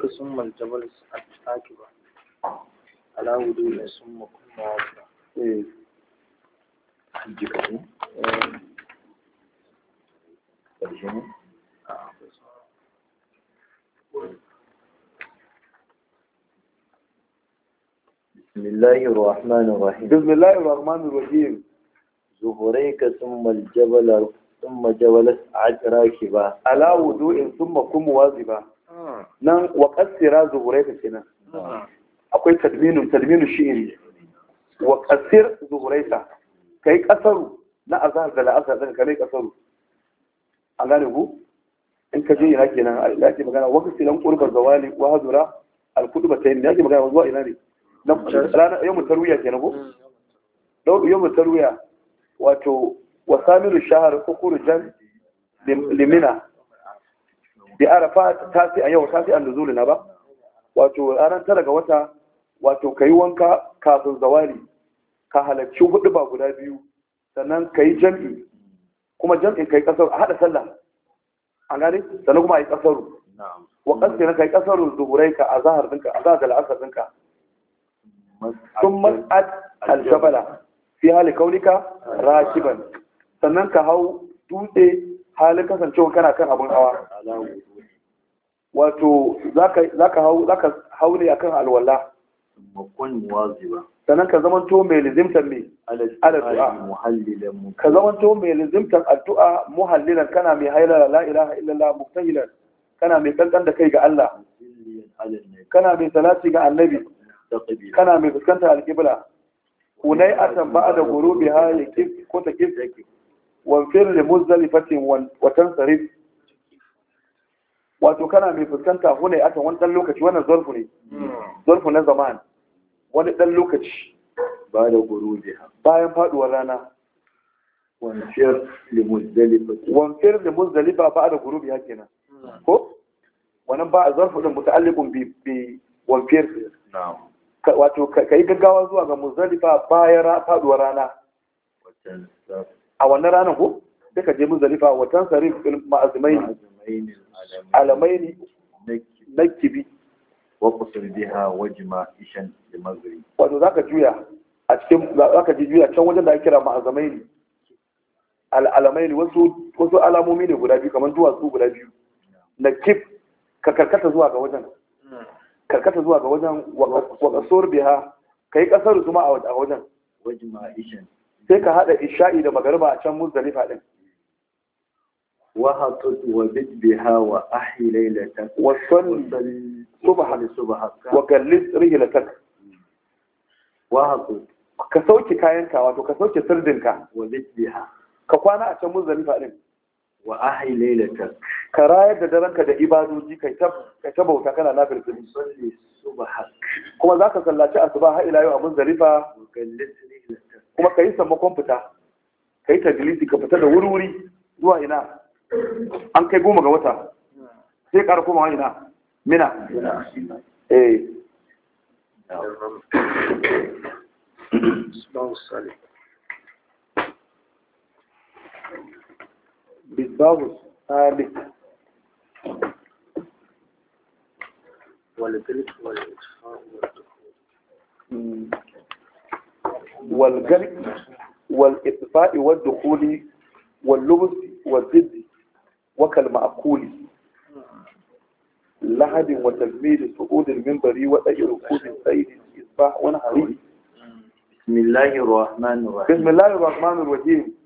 ka sun maljabar aki ba ala wudu'in thumma kun muwaziba eh jikatu ƙarshe ne a بسم الله الرحمن الرحيم بسم الله الرحمن الرحيم زهريك ثم الجبل ثم جبلت عراكبا على وضوء ثم قم واظبا نعم وقصر زهريك كنا akwai tadminin tadminin shi'iri wa kasir zuhuraita kai kasaru na azhar da la'azhar din kai kasaru an in ka je ina kenan ya ce magana wa kasilan qurba zawali wa hadura al kutuba tayin ya ce magana zuwa ina ne yawon tarwiya ke nago? yawon tarwiya wato wasamiru shahar kukuru jan limina da arafa tasi a yau tasi an da na ba wato ranar tara ga wata wato ka yi wanka kafin zawari ka halarci hudu ba guda biyu sannan ka yi jam'i kuma jam'in ka yi kasar a haɗa sallah a gane sannan kuma a yi kasaru wa kasar ka yi kasaru zuhurai ka a zahar ɗinka a zahar da la'asar ɗinka sun mas'ad aljabala fi hali kaunika rakiban sannan ka hau dutse halin kasancewa kana kan abin hawa wato za ka hau ne akan alwala sannan ka zamanto mai lizimtar mai addu'a ka zamanto mai lizimtar addu'a muhallilan kana mai hailar la'ilaha illallah muktahilan kana mai kankan da kai ga Allah kana mai salati ga annabi kana mai fuskanta alƙibla kunai atan ba da guru bi ha ya kif ko ta kif wan fil li watan sarif? wato kana mai fuskanta hune atan wani dan lokaci wannan zulfu ne zulfu na zaman wani dan lokaci ba da guru bi ha bayan faduwar rana wan fere li muzdalifa wan fil li ba da guru bi ha kenan ko wannan ba a zarfudin mutaallibun bi bi wan fil na'am wato ka yi gaggawa zuwa ga muzdalifa bayan faduwar rana a wannan ranar ko sai ka je muzdalifa watan sarif ma'azmai alamai na kibi wakusur biha wajima ishan da mazuri wato za ka juya a cikin za ka ji juya can wajen da ake kira ma'azmai ne alamai ne wasu alamomi ne guda biyu kamar duwatsu guda biyu na kib ka karkata zuwa ga wajen karkata zuwa ga wajen wakasor ka yi kasar zuma a wajen sai ka hada isha'i da magarba a can muzdalifa din wahatu wa bid biha wa ahli laylatan wa sunni subha li subha wa kallis ka sauke kayanka wato ka sauke sirdinka wa bid biha ka kwana a can muzdalifa faɗin. wa ahyi ka rayar da daranka da ibadoji kai ta ta bauta kana na su salli subhak kuma za ka sallaci asuba har ila yau abun zarifa kuma ka yi sammakon fita ka yi tajilisi ka fita da wuri-wuri zuwa ina an kai goma ga wata sai ƙara koma ina mina eh بالضبط ثابت والجلد والدخول والإطفاء والدخول واللبس والضد وكالمأكول لحد وتجميل صعود المنبر وأي ركود السيد الإصباح ونحوه بسم الله الرحمن الرحيم بسم الله الرحمن الرحيم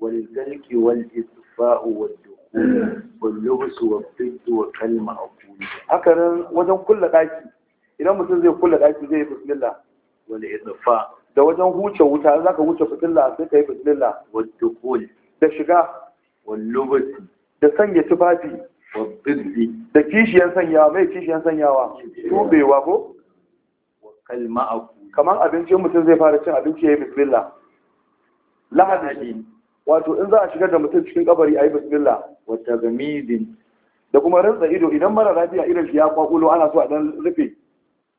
والدلك والإطفاء والدخول واللبس والضد وكلمة أقول هكذا وجن كل داكي إذا ما زي كل داكي زي بسم الله والإطفاء da wajen huce wuta za ka huce fitilla sai ka yi fitilla wadda da shiga wallubati da sanya tufafi wabbirri da kishiyar sanyawa mai kishiyar sanyawa tubewa ko kalma kamar abinci mutum zai fara cin abinci ya yi bismillah lahadi wato in za a shigar da mutum cikin kabari a yi bismillah wata gamidin da kuma rantsa ido idan mara lafiya idan shi ya kwakulo ana so a dan rufe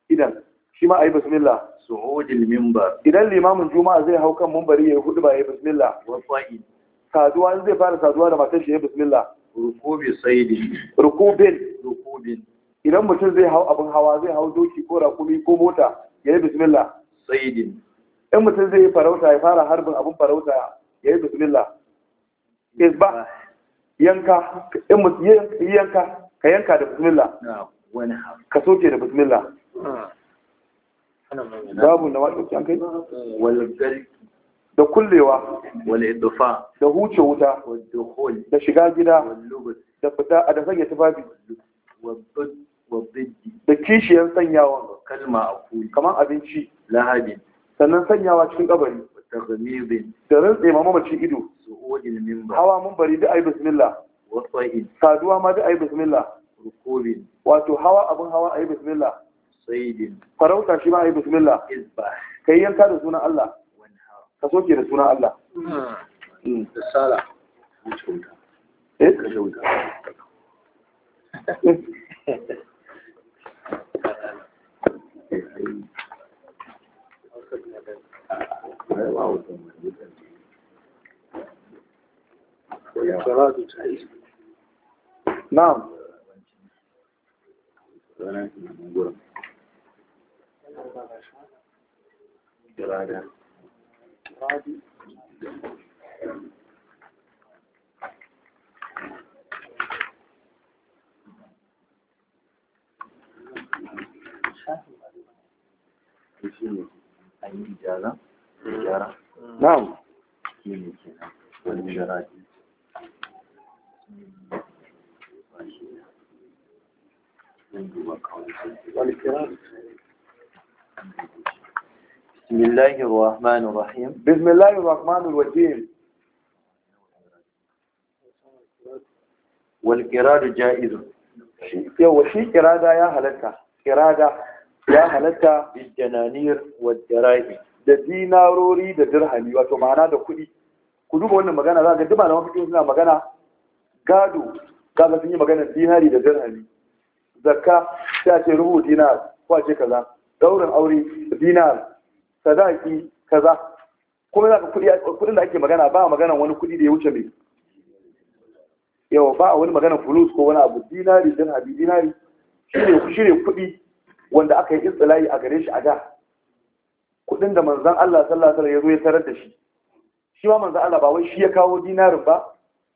idan shi ma a yi bismillah su'udil minbar idan limamin juma'a zai hau kan mumbari, ya yi hudu ba ya yi bismillah wasa'i saduwa zai fara saduwa da matar shi ya yi bismillah rukubi saidi rukubin rukubin idan mutum zai hau abin hawa zai hau doki ko rakumi ko mota ya yi bismillah saidin in mutum zai yi farauta ya fara harbin abin farauta ya yi bismillah isba yanka yanka ka yanka da bismillah ka soke da bismillah babu na wajen an kai da kullewa da huce wuta da shiga gida da fita a da sanya tufafi da kishiyar sanyawa kamar abinci sannan sanyawa cikin kabari da rantse ma mamaci ido hawa mun bari da ayi bismillah saduwa ma da ayi bismillah wato hawa abin hawa ayi bismillah farauta shi ma ayi bismillah izbah kai yanka da sunan Allah ka soke da sunan Allah hmm. hmm. eh? Thank you. ai ba wutan mai salatu ta yi na'am ranar tunanin نعم بسم الله الرحمن الرحيم بسم الله الرحمن الرحيم والقرار جائز يو قراده يا هلكه قراده يا هلكه بالجنانير والجرائم da dinarori da dirhami wato ma'ana da kuɗi ku duba wannan magana za ga duba malaman mafi suna magana gado ga sun yi magana dinari da dirhami zakka sai ce rubu dinar ko ce kaza daurin aure dinar sadaki kaza kuma za ka kuɗi kuɗin da ake magana ba magana wani kuɗi da ya wuce mai yawa ba a wani magana fulus ko wani abu dinari dirhami dinari shine kuɗi wanda aka yi istilahi a gare shi a da kudin da manzan Allah sallallahu alaihi wasallam ya tarar da shi shi ma manzan Allah ba wai shi ya kawo dinarin ba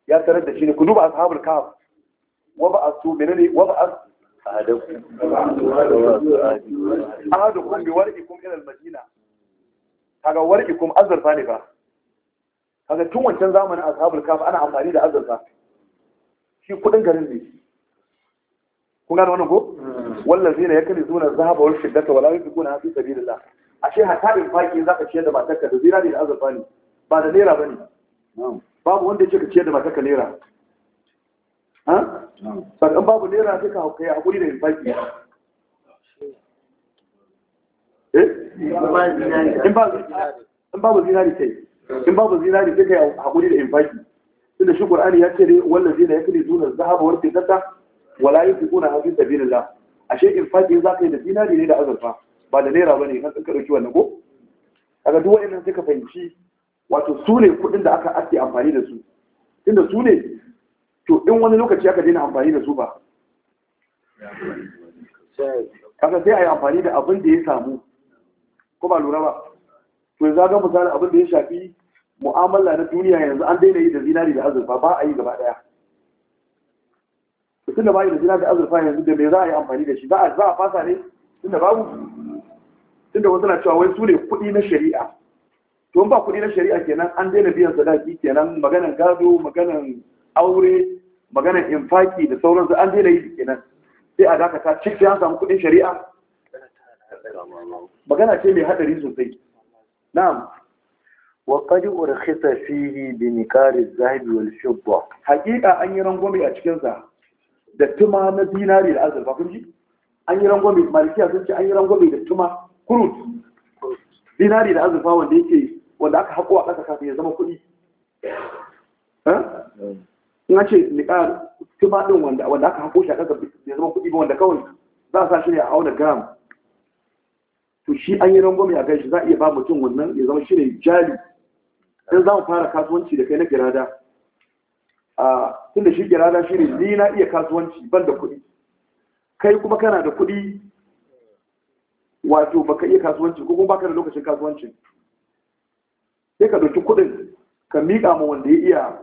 ya tarar da shi ne ku duba ashabul kahf wa ba asu menene wa ba asu ahadukum bi warqikum ila al-madina kaga warqikum azurfa ne ba kaga tun wancan zamanin ashabul kahf ana amfani da azurfa shi kudin garin ne kun gane wannan ko hmm. wallazina yakunzuna dhahaba wal fiddata wala yunfiquna fi sabilillah ashe hatta in faki za ka ciyar da matarka da zira ne da azurfa ne ba da naira ba ne babu wanda ce ka ciyar da matarka naira sannan babu naira sai ka hauka ya haƙuri da in faki eh? in babu zinari kai in babu zinari sai ka haƙuri da in faki tunda shi ƙur'ani ya ce ne wannan zina ya fi zunar zahaba wani fitata wala yi fi kuna hafi sabilillah ashe in faki za ka yi da zinari ne da azurfa ba da naira ba ne kan tsakar ɗauki wannan ko Daga duk nan suka fahimci wato su ne kuɗin da aka ake amfani da su inda su ne to in wani lokaci aka daina amfani da su ba kaga sai a yi amfani da abin da ya samu ko ba lura ba to yanzu ga misali abin da ya shafi mu'amala na duniya yanzu an daina yi da zinari da azurfa ba a yi gaba ɗaya tunda ba yi da zinari da azurfa yanzu da me za a yi amfani da shi za a fasa ne tunda babu tunda wasu na cewa wai su ne kuɗi na shari'a to ba kuɗi na shari'a kenan an daina biyan sadaki kenan maganan gado maganan aure maganan infaki da sauransu an daina yi kenan sai a dakata cik sai an samu kuɗin shari'a magana ce mai haɗari sosai na'am wa qad urkhisa fihi bi niqar az-zahab wal fidda haqiqa an yi rangwame a cikin sa da tuma na dinari da azurfa kun ji an yi rangwame malikiya sun ce an yi rangwame da tuma kurut dinari da azurfa wanda yake wanda aka haƙo a ƙasa kafin ya zama kuɗi ina ce niƙar tuma ɗin wanda aka haƙo shi a ƙasa ya zama kuɗi ba wanda kawai za a sa shi ne a auna gram to shi an yi rangon a gaishe za a iya ba mutum wannan ya zama shi ne jari don za mu fara kasuwanci da kai na girada a tunda shi girada shi ne ni na iya kasuwanci ban da kuɗi kai kuma kana da kuɗi wato baka iya kasuwanci ko kuma baka da lokacin kasuwancin sai ka ɗauki kuɗin ka miƙa ma wanda ya iya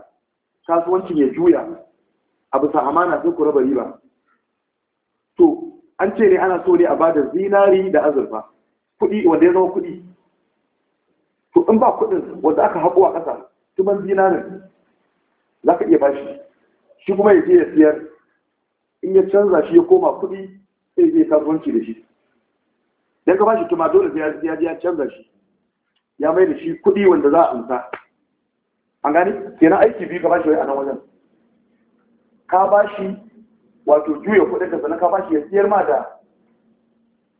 kasuwancin ya juya a bisa amana sai ku raba riba to an ce ne ana so ne a bada zinari da azurfa kuɗi wanda ya zama kuɗi to in ba kuɗin wanda aka haƙo a ƙasa tuban zinarin za ka iya bashi shi kuma ya je ya siyar in ya canza shi ya koma kuɗi sai ya je kasuwanci da shi sai ka bashi tuma dole sai ya ya canza shi ya mai da shi kuɗi wanda za a amsa an gani kenan aiki biyu ka bashi wai a nan wajen ka bashi wato juya kuɗin ka sannan ka bashi ya siyar ma da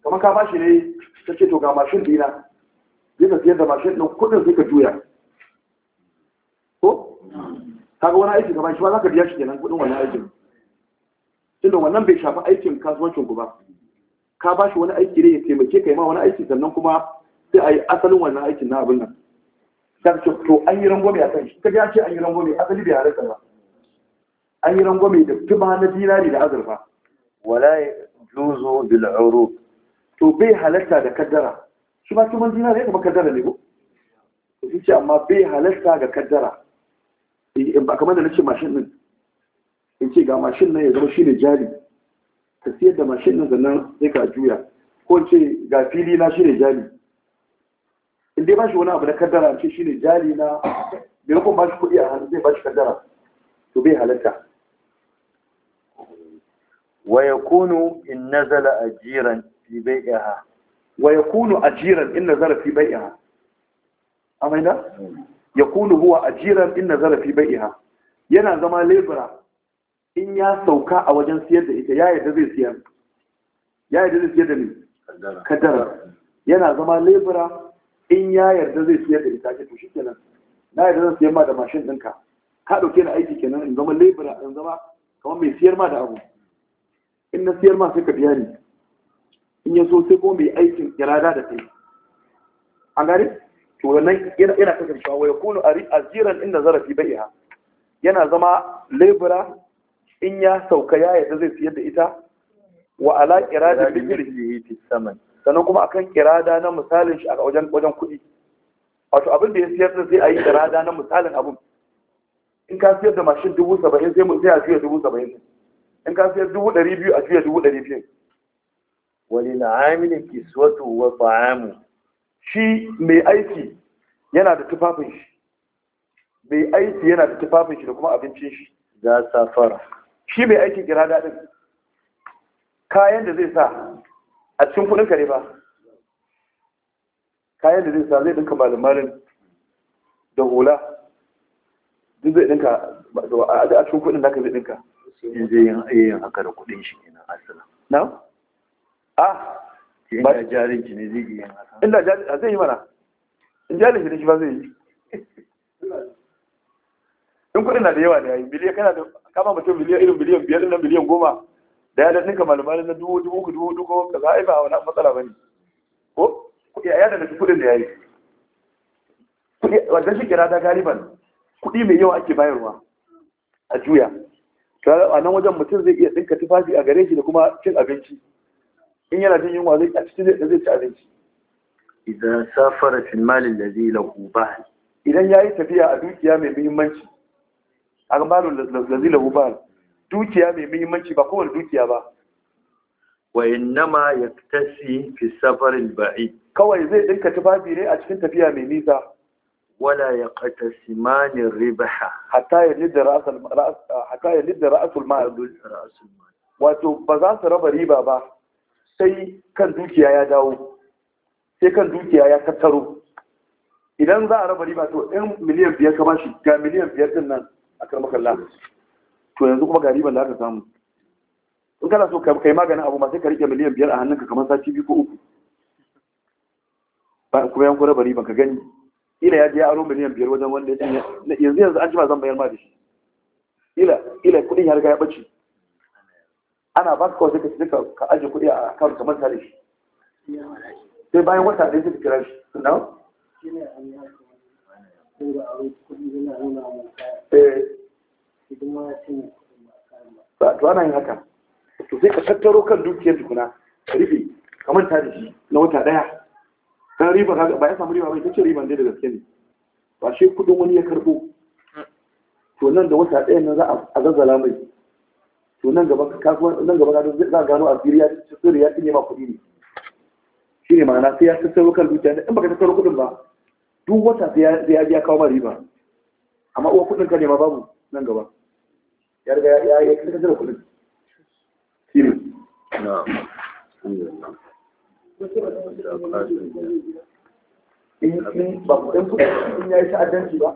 kamar ka bashi ne ta ce to ga mashin dina zai ka siyar da mashin ɗin kuɗin sai ka juya ko kaga wani aiki ka bashi ba za ka biya shi kenan kuɗin wannan aikin tunda wannan bai shafi aikin kasuwancin ku ba ka ba shi wani aiki ne ya taimake ka ma wani aiki sannan kuma sai a yi asalin wannan aikin na abin nan ta ce to an yi rangwame a kan shi ta ya ce an yi rangwame asali bai halatta ba an yi rangwame da tuba na dinari da azurfa wala juzu bil urub to bai halatta da kaddara shi ma tuban dinari ya kuma kaddara ne ko to ce amma bai halatta ga kaddara in eh, ba kamar da ce mashin din in ce ga mashin nan ya zama shi ne jari ka siyar da mashin nan sannan sai ka juya ko ce ga fili na shi ne jali in dai ba shi wani abu na kaddara ce shi ne jali na maimakon ba shi kuɗi a hannu zai bashi kaddara to bai halatta wa ya kunu in nazala ajiran fi bai'iha wa yakunu ajiran in nazala fi bai'iha amaina hmm. yakunu huwa ajiran in nazala fi bai'iha yana zama lebura in ya sauka a wajen siyar da ita ya yarda zai siyar ya yarda zai siyar da ni kadara yana zama lebura in ya yarda zai siyar da ita ke to shikenan na yarda zan siyar ma da mashin ɗinka ka ɗauke ni aiki kenan in zama lebura in zama kamar mai siyar ma da abu in na siyar ma sai ka biya ni in ya so sai kuma mai aikin irada da kai an gane to wannan yana yana kasancewa kunu a aziran inda zarafi bai ha yana zama lebura in ya sauka ya yadda zai siyar da ita wa ala kirada bikirhi fi saman sannan kuma akan irada na misalin shi a wajen wajen kuɗi wato abin da ya siyar da sai a yi kirada na misalin abin in ka siyar da mashin dubu saba'in sai mu sai a juya dubu saba'in in ka siyar dubu ɗari biyu a juya dubu ɗari biyu wani na amini kiswatu wa fa'amu shi mai aiki yana da tufafin shi mai aiki yana da tufafin shi da kuma abincin shi za safara shi mai aikin kira daɗin, kayan da zai sa a cikin kudin kare ba kayan da zai sa zai dinka malamarin, da hula duk zai dinka a cikin kudin naka zai dinka in zai yin ayyayin haka da kudin shi kenan asala na a ba jarin ki ne zai yi yin haka inda zai yi mana in jarin shi ne shi ba zai yi in kudin na da yawa ne yayi biliyan kana da ka mutum miliyan irin miliyan biyar na miliyan goma da ya dadin ka malamalin na dubu dubu dubu dubu ka za a yi ba wani matsala ba ne ko kuɗi a yada da kuɗin da ya yi kuɗi wanda shi kira da galiban kuɗi mai yawa ake bayarwa a juya a nan wajen mutum zai iya ɗinka tufafi a gare shi da kuma cin abinci in yana jin yunwa zai a cikin zai zai ci abinci idan safara fil malin da zai lahu ba idan yayi tafiya a dukiya mai muhimmanci agmalu lazi lahu bal dukiya mai muhimmanci ba kowane dukiya ba wa innama yaktasi fi safarin ba'i kawai zai dinka tufafi ne a cikin tafiya mai nisa wala ya Simanin ribaha hatta yalida ra'sul ra'as hatta yalida wato ba za su raba riba ba sai kan dukiya ya dawo sai kan dukiya ya tattaro idan za a raba riba to ɗin miliyan biyar ka bashi ga miliyan biyar din nan a kan makalla to yanzu kuma gari ban da aka samu in kana so ka kai maganin abu ma sai ka rike miliyan biyar a hannunka kamar sati biyu ko uku ba kuma yan kura bari ban ka gani ila ya je aro miliyan biyar wajen wanda ya yanzu yanzu an ji ba zan bayar ma da shi ila ila kudin ya riga ya bace ana ba ka kawai sai ka sika ka aje kudi a kan kamar ta shi sai bayan wata ɗaya sai ka kira shi sannan Eh. ba to ana yin haka to sai ka tattaro kan dukiyar tukuna ka rufe ka manta da shi na wata daya dan riba ba ya samu riba ba ita ce riban dai da gaske ne ba shi kudin wani ya karbo to nan da wata daya nan za a zazzala mai to nan gaba ka nan gaba za a gano a siriya siriya ne ma kudi ne Shi ne ma'ana sai ya tattaro kan dukiya in baka tattaro kudin ba duk wata sai ya kawo mara riba amma uwa kudin ka nema babu nan gaba ya riga ya yi kasa da kudin shirin na in ba ya yi ta'addanci ba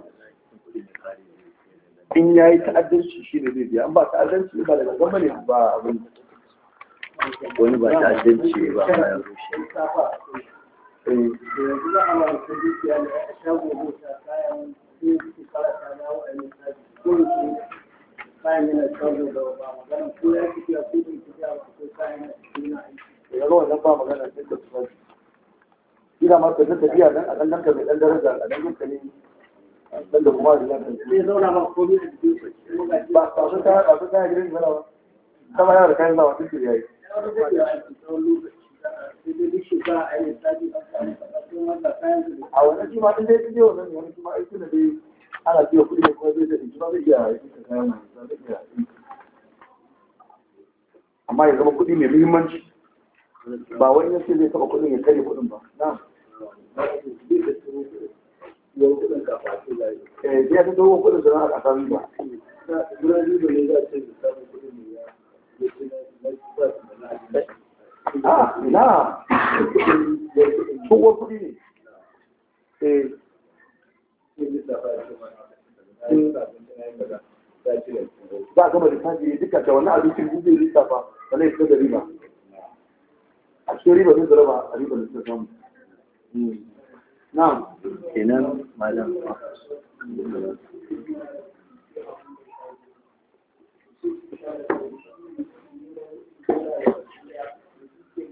in ya yi ta'addanci shi ne zai biya an ba ta'addanci ba daga gaba ne ba abin wani ba ta'addanci ba ya rushe yanzu shago Ina ma tafiya a ɗan ka mai daraja a ka ne dan da kuma da zauna ba Ba ba zalawa. da da a wani shi ma ɗin dai ɗin yau nan wani shi ma aiki na dai ana biya kuɗi ne kuma zai daɗi shi zai iya aiki ka kayan mai zai iya amma ya zama kuɗi mai muhimmanci ba wani yake zai taɓa kuɗin ya karya kuɗin ba na eh ya ta dogon kuɗin sana'a a ƙasar ba Thank you. a na tsohon ne za a gama lissafi ya duka da wannan abincin gudu ya lissafa na da riba a cikin riba zai a riba da suka samu na'am kenan malam Thank you.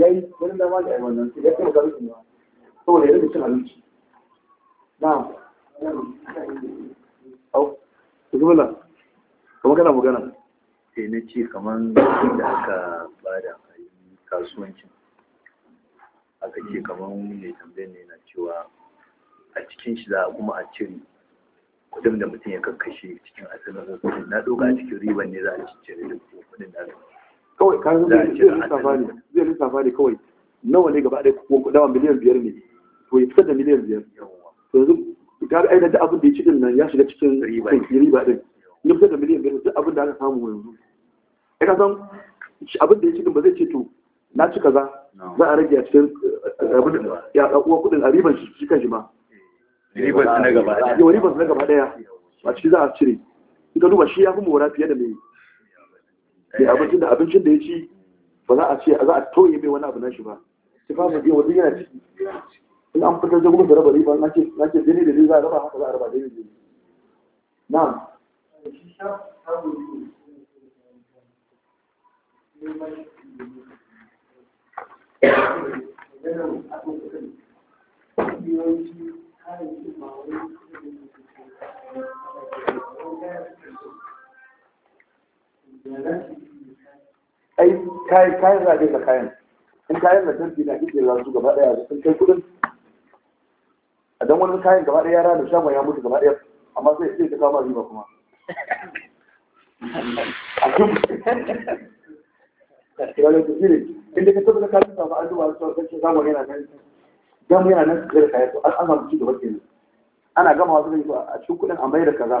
yayi wani dama da wannan sai kana magana sai eh, na ce kamar da aka bada kasuwancin aka ce hmm. kamar mai tambayar ne na cewa a cikin shi za a kuma a cire kudin da mutum ya kakkashe cikin asalin kudin na ɗauka cikin riban ne za a cire da kudin da aka kawai ka zai lissafa ne zai lissafa ne kawai nawa ne gaba ɗaya ko dawa miliyan biyar ne to ya fitar da miliyan biyar to yanzu ga aida da abin da ya ci din nan ya shiga cikin riba din ya fitar da miliyan biyar duk abin da aka samu yanzu ai ka san abin da ya ci din ba zai ce to na ci kaza za a rage a cikin eh, abin ya uwa kuɗin a riban shi kan shi ma riban na gaba ɗaya riban na gaba a ciki za a cire in duba shi ya fi mora fiye da mai mai abincin da abincin da ya ci ba za a ce za a toye mai wani abu na shi ba sai fa mu je wani yana ciki in an fitar da gwamnati raba riba na ce na ce da dai za a raba haka za a raba dai da na'am Thank you. ai kayan kayan zaɓe da kayan in kayan lantarki na ije za su gaba ɗaya sun kai kuɗin a dan wani kayan gaba ɗaya yara da shagon ya mutu gaba ɗaya amma sai sai ta kama riba kuma a kuma wani tafi ne inda ka tabbata kayan samu an duba su kan shagon yana nan dan yana nan su da kayan an su ci gaba kenan ana gama wasu zai a cikin kudin a mai da kaza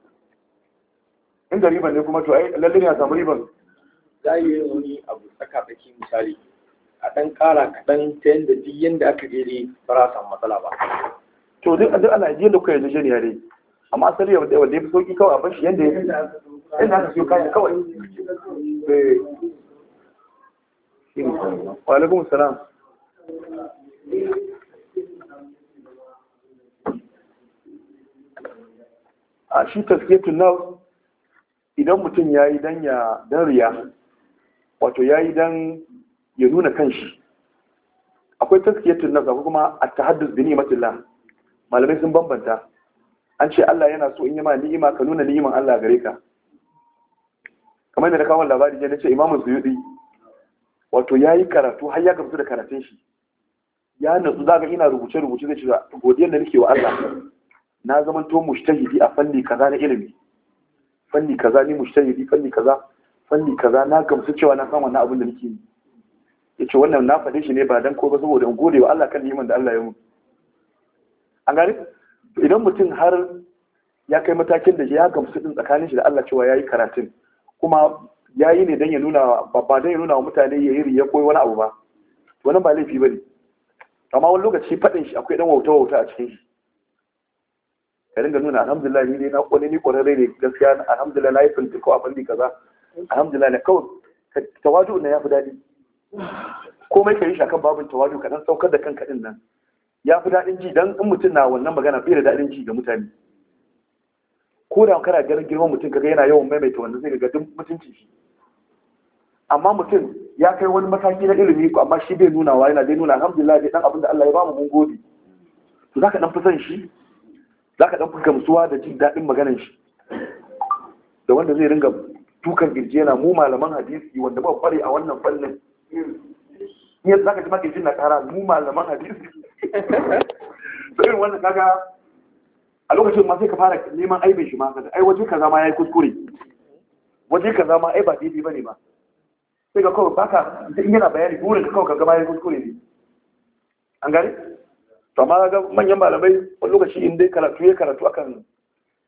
inda riban ne kuma to ai lalle ne a samu riban za yi wani abu tsaka tsaki misali a ɗan ƙara kaɗan ta yadda duk yadda aka je ne ba za a samu matsala ba to duk duk ana da kuka yarda shari'a ne amma asali wanda wanda ya fi sauki kawai a bar shi yadda ya fi yadda aka siyo kayan kawai wa alaikum salam a shi tafiye tunawar idan mutum ya yi dan ya dan riya wato ya yi dan ya nuna kanshi akwai taskiyatun nafsa ko kuma at-tahaddus bi ni'matillah malamai sun bambanta an ce Allah yana so in yi ma ni'ima ka nuna ni'iman Allah gare ka kamar da kawo labari ne nace imamu suyudi wato yayi karatu har ya gamsu da karatun shi ya nutsu zaka ina rubuce rubuce zai ce godiyar da nake wa Allah na zaman to mushtahidi a fanni kaza na ilimi fanni kaza ni mushtahidi fanni kaza fanni kaza na gamsu cewa na san wannan abin da nake yi yace wannan na fade shi ne ba dan ko ba saboda in gode wa Allah kan niman da Allah ya mun an gani idan mutum har ya kai matakin da ya gamsu din tsakanin shi da Allah cewa yayi karatun kuma yayi ne dan ya nuna ba dan ya nuna wa mutane ya yi riya koyi wani abu ba wannan ba laifi bane amma wani lokaci faɗin shi akwai dan wauta wauta a cikin shi ka ringa nuna alhamdulillah ni dai na kone ni kwararre ne gaskiya alhamdulillah na yi fintika a fanni kaza alhamdulillah kawai tawadu na ya fi daɗi komai ka yi shi akan babin tawadu ka dan saukar da kanka din nan ya fi daɗin ji dan in mutum na wannan magana bai da daɗin ji ga mutane ko da kana ganin girman mutum kaga yana yawan maimaita wannan sai ga duk mutunci shi amma mutum ya kai wani mataki na ilimi ko amma shi bai nunawa yana dai nuna alhamdulillah dai dan abin da Allah ya mu mun gode to zaka dan fi son shi za ka ɗan gamsuwa da jin daɗin maganin shi da wanda zai ringa tukan girji yana mu malaman hadisi wanda ba kware a wannan fannin in za ka ji ma na ƙara mu malaman hadisi irin wannan kaga a lokacin ma sai ka fara neman aibin shi ma ai waje zama ya yi kuskure waje ka zama ai ba daidai ne ba sai ga kawai baka in yana bayani burin ka kawai ka gama yi kuskure ne an gani? to amma ga manyan malamai wani lokaci in dai karatu ya karatu akan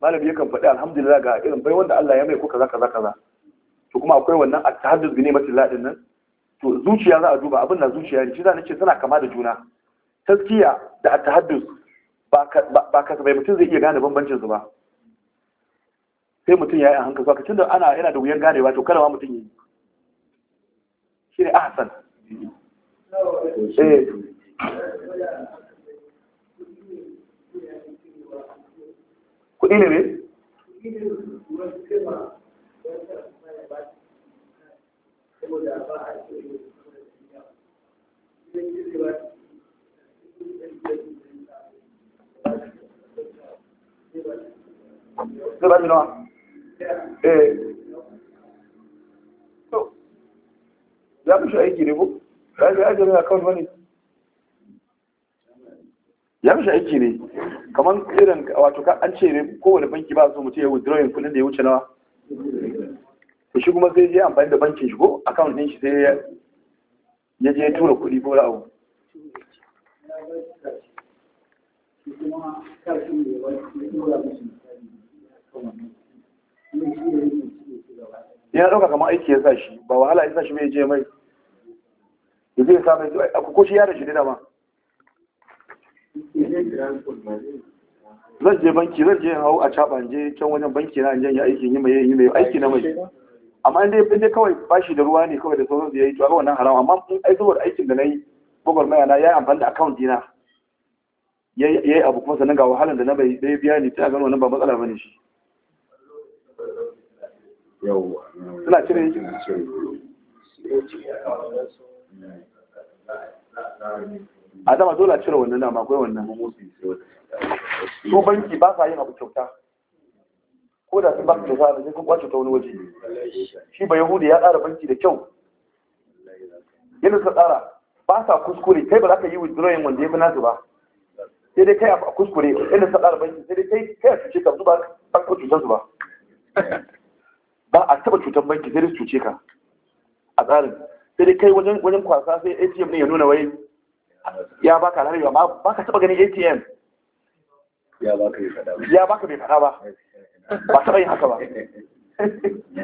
malami ya kan faɗi alhamdulillah ga irin bai wanda Allah ya mai ko kaza kaza kaza to kuma akwai wannan at-tahaddud bi ni'matillah din nan to zuciya za a duba abin na zuciya ne shi za ce tana kama da juna taskiya da at-tahaddud ba ba ka bai mutum zai iya gane bambancin su ba sai mutum ya yi a hankali ka tunda ana yana da wuyan ganewa to kada ma mutum yi shi ne ahsan eh kuɗi da ne? Eh. shi aiki ne ko? Ya fi shi aiki ne. kamar irin wato an ce kowane banki ba su mutum ya withdrawing kudin da ya wuce nawa to shi kuma zai je amfani da bankin shi ko account din shi sai ya je tura kuɗi ko ra'u ya ɗauka kamar aiki ya sa shi ba wahala ya sa shi mai je mai ya zai sa mai ko shi yaron shi ne ma. zan je banki zan je hau a caɓa je can wajen banki na jan ya aiki yi mai yi mai aiki na mai amma inda ya kawai bashi da ruwa ne kawai da sauran zai yi tuwa wannan haram amma in ai aikin da na yi bugar maya na ya yi amfani da akawun dina ya yi abu kuma sannan ga wahalar da na bai ɗaya biya ne ta gano wannan ba matsala ba ne shi suna cire yi a dama dole a cire wannan dama akwai wannan su banki ba sa yin abu kyauta ko da sun ba ka kyauta sai sun kwace ta wani waje shi ba yahudi ya tsara banki da kyau yadda suka tsara ba sa kuskure kai ba za ka yi withdrawing wanda ya fi nasu ba sai dai kai a kuskure yadda suka tsara banki sai dai kai kai a cuce ka su ba ba ka cutar su ba ba a taba cutar banki sai dai su cuce ka a tsarin sai dai kai wajen kwasa sai atm ne ya nuna wai ya baka alhari ba baka taba ganin ATM ya baka bai fada ba ba ba taba yin haka ba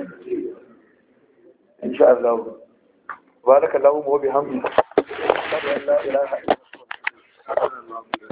insha Allah barakallahu wa bihamdihi la ilaha illa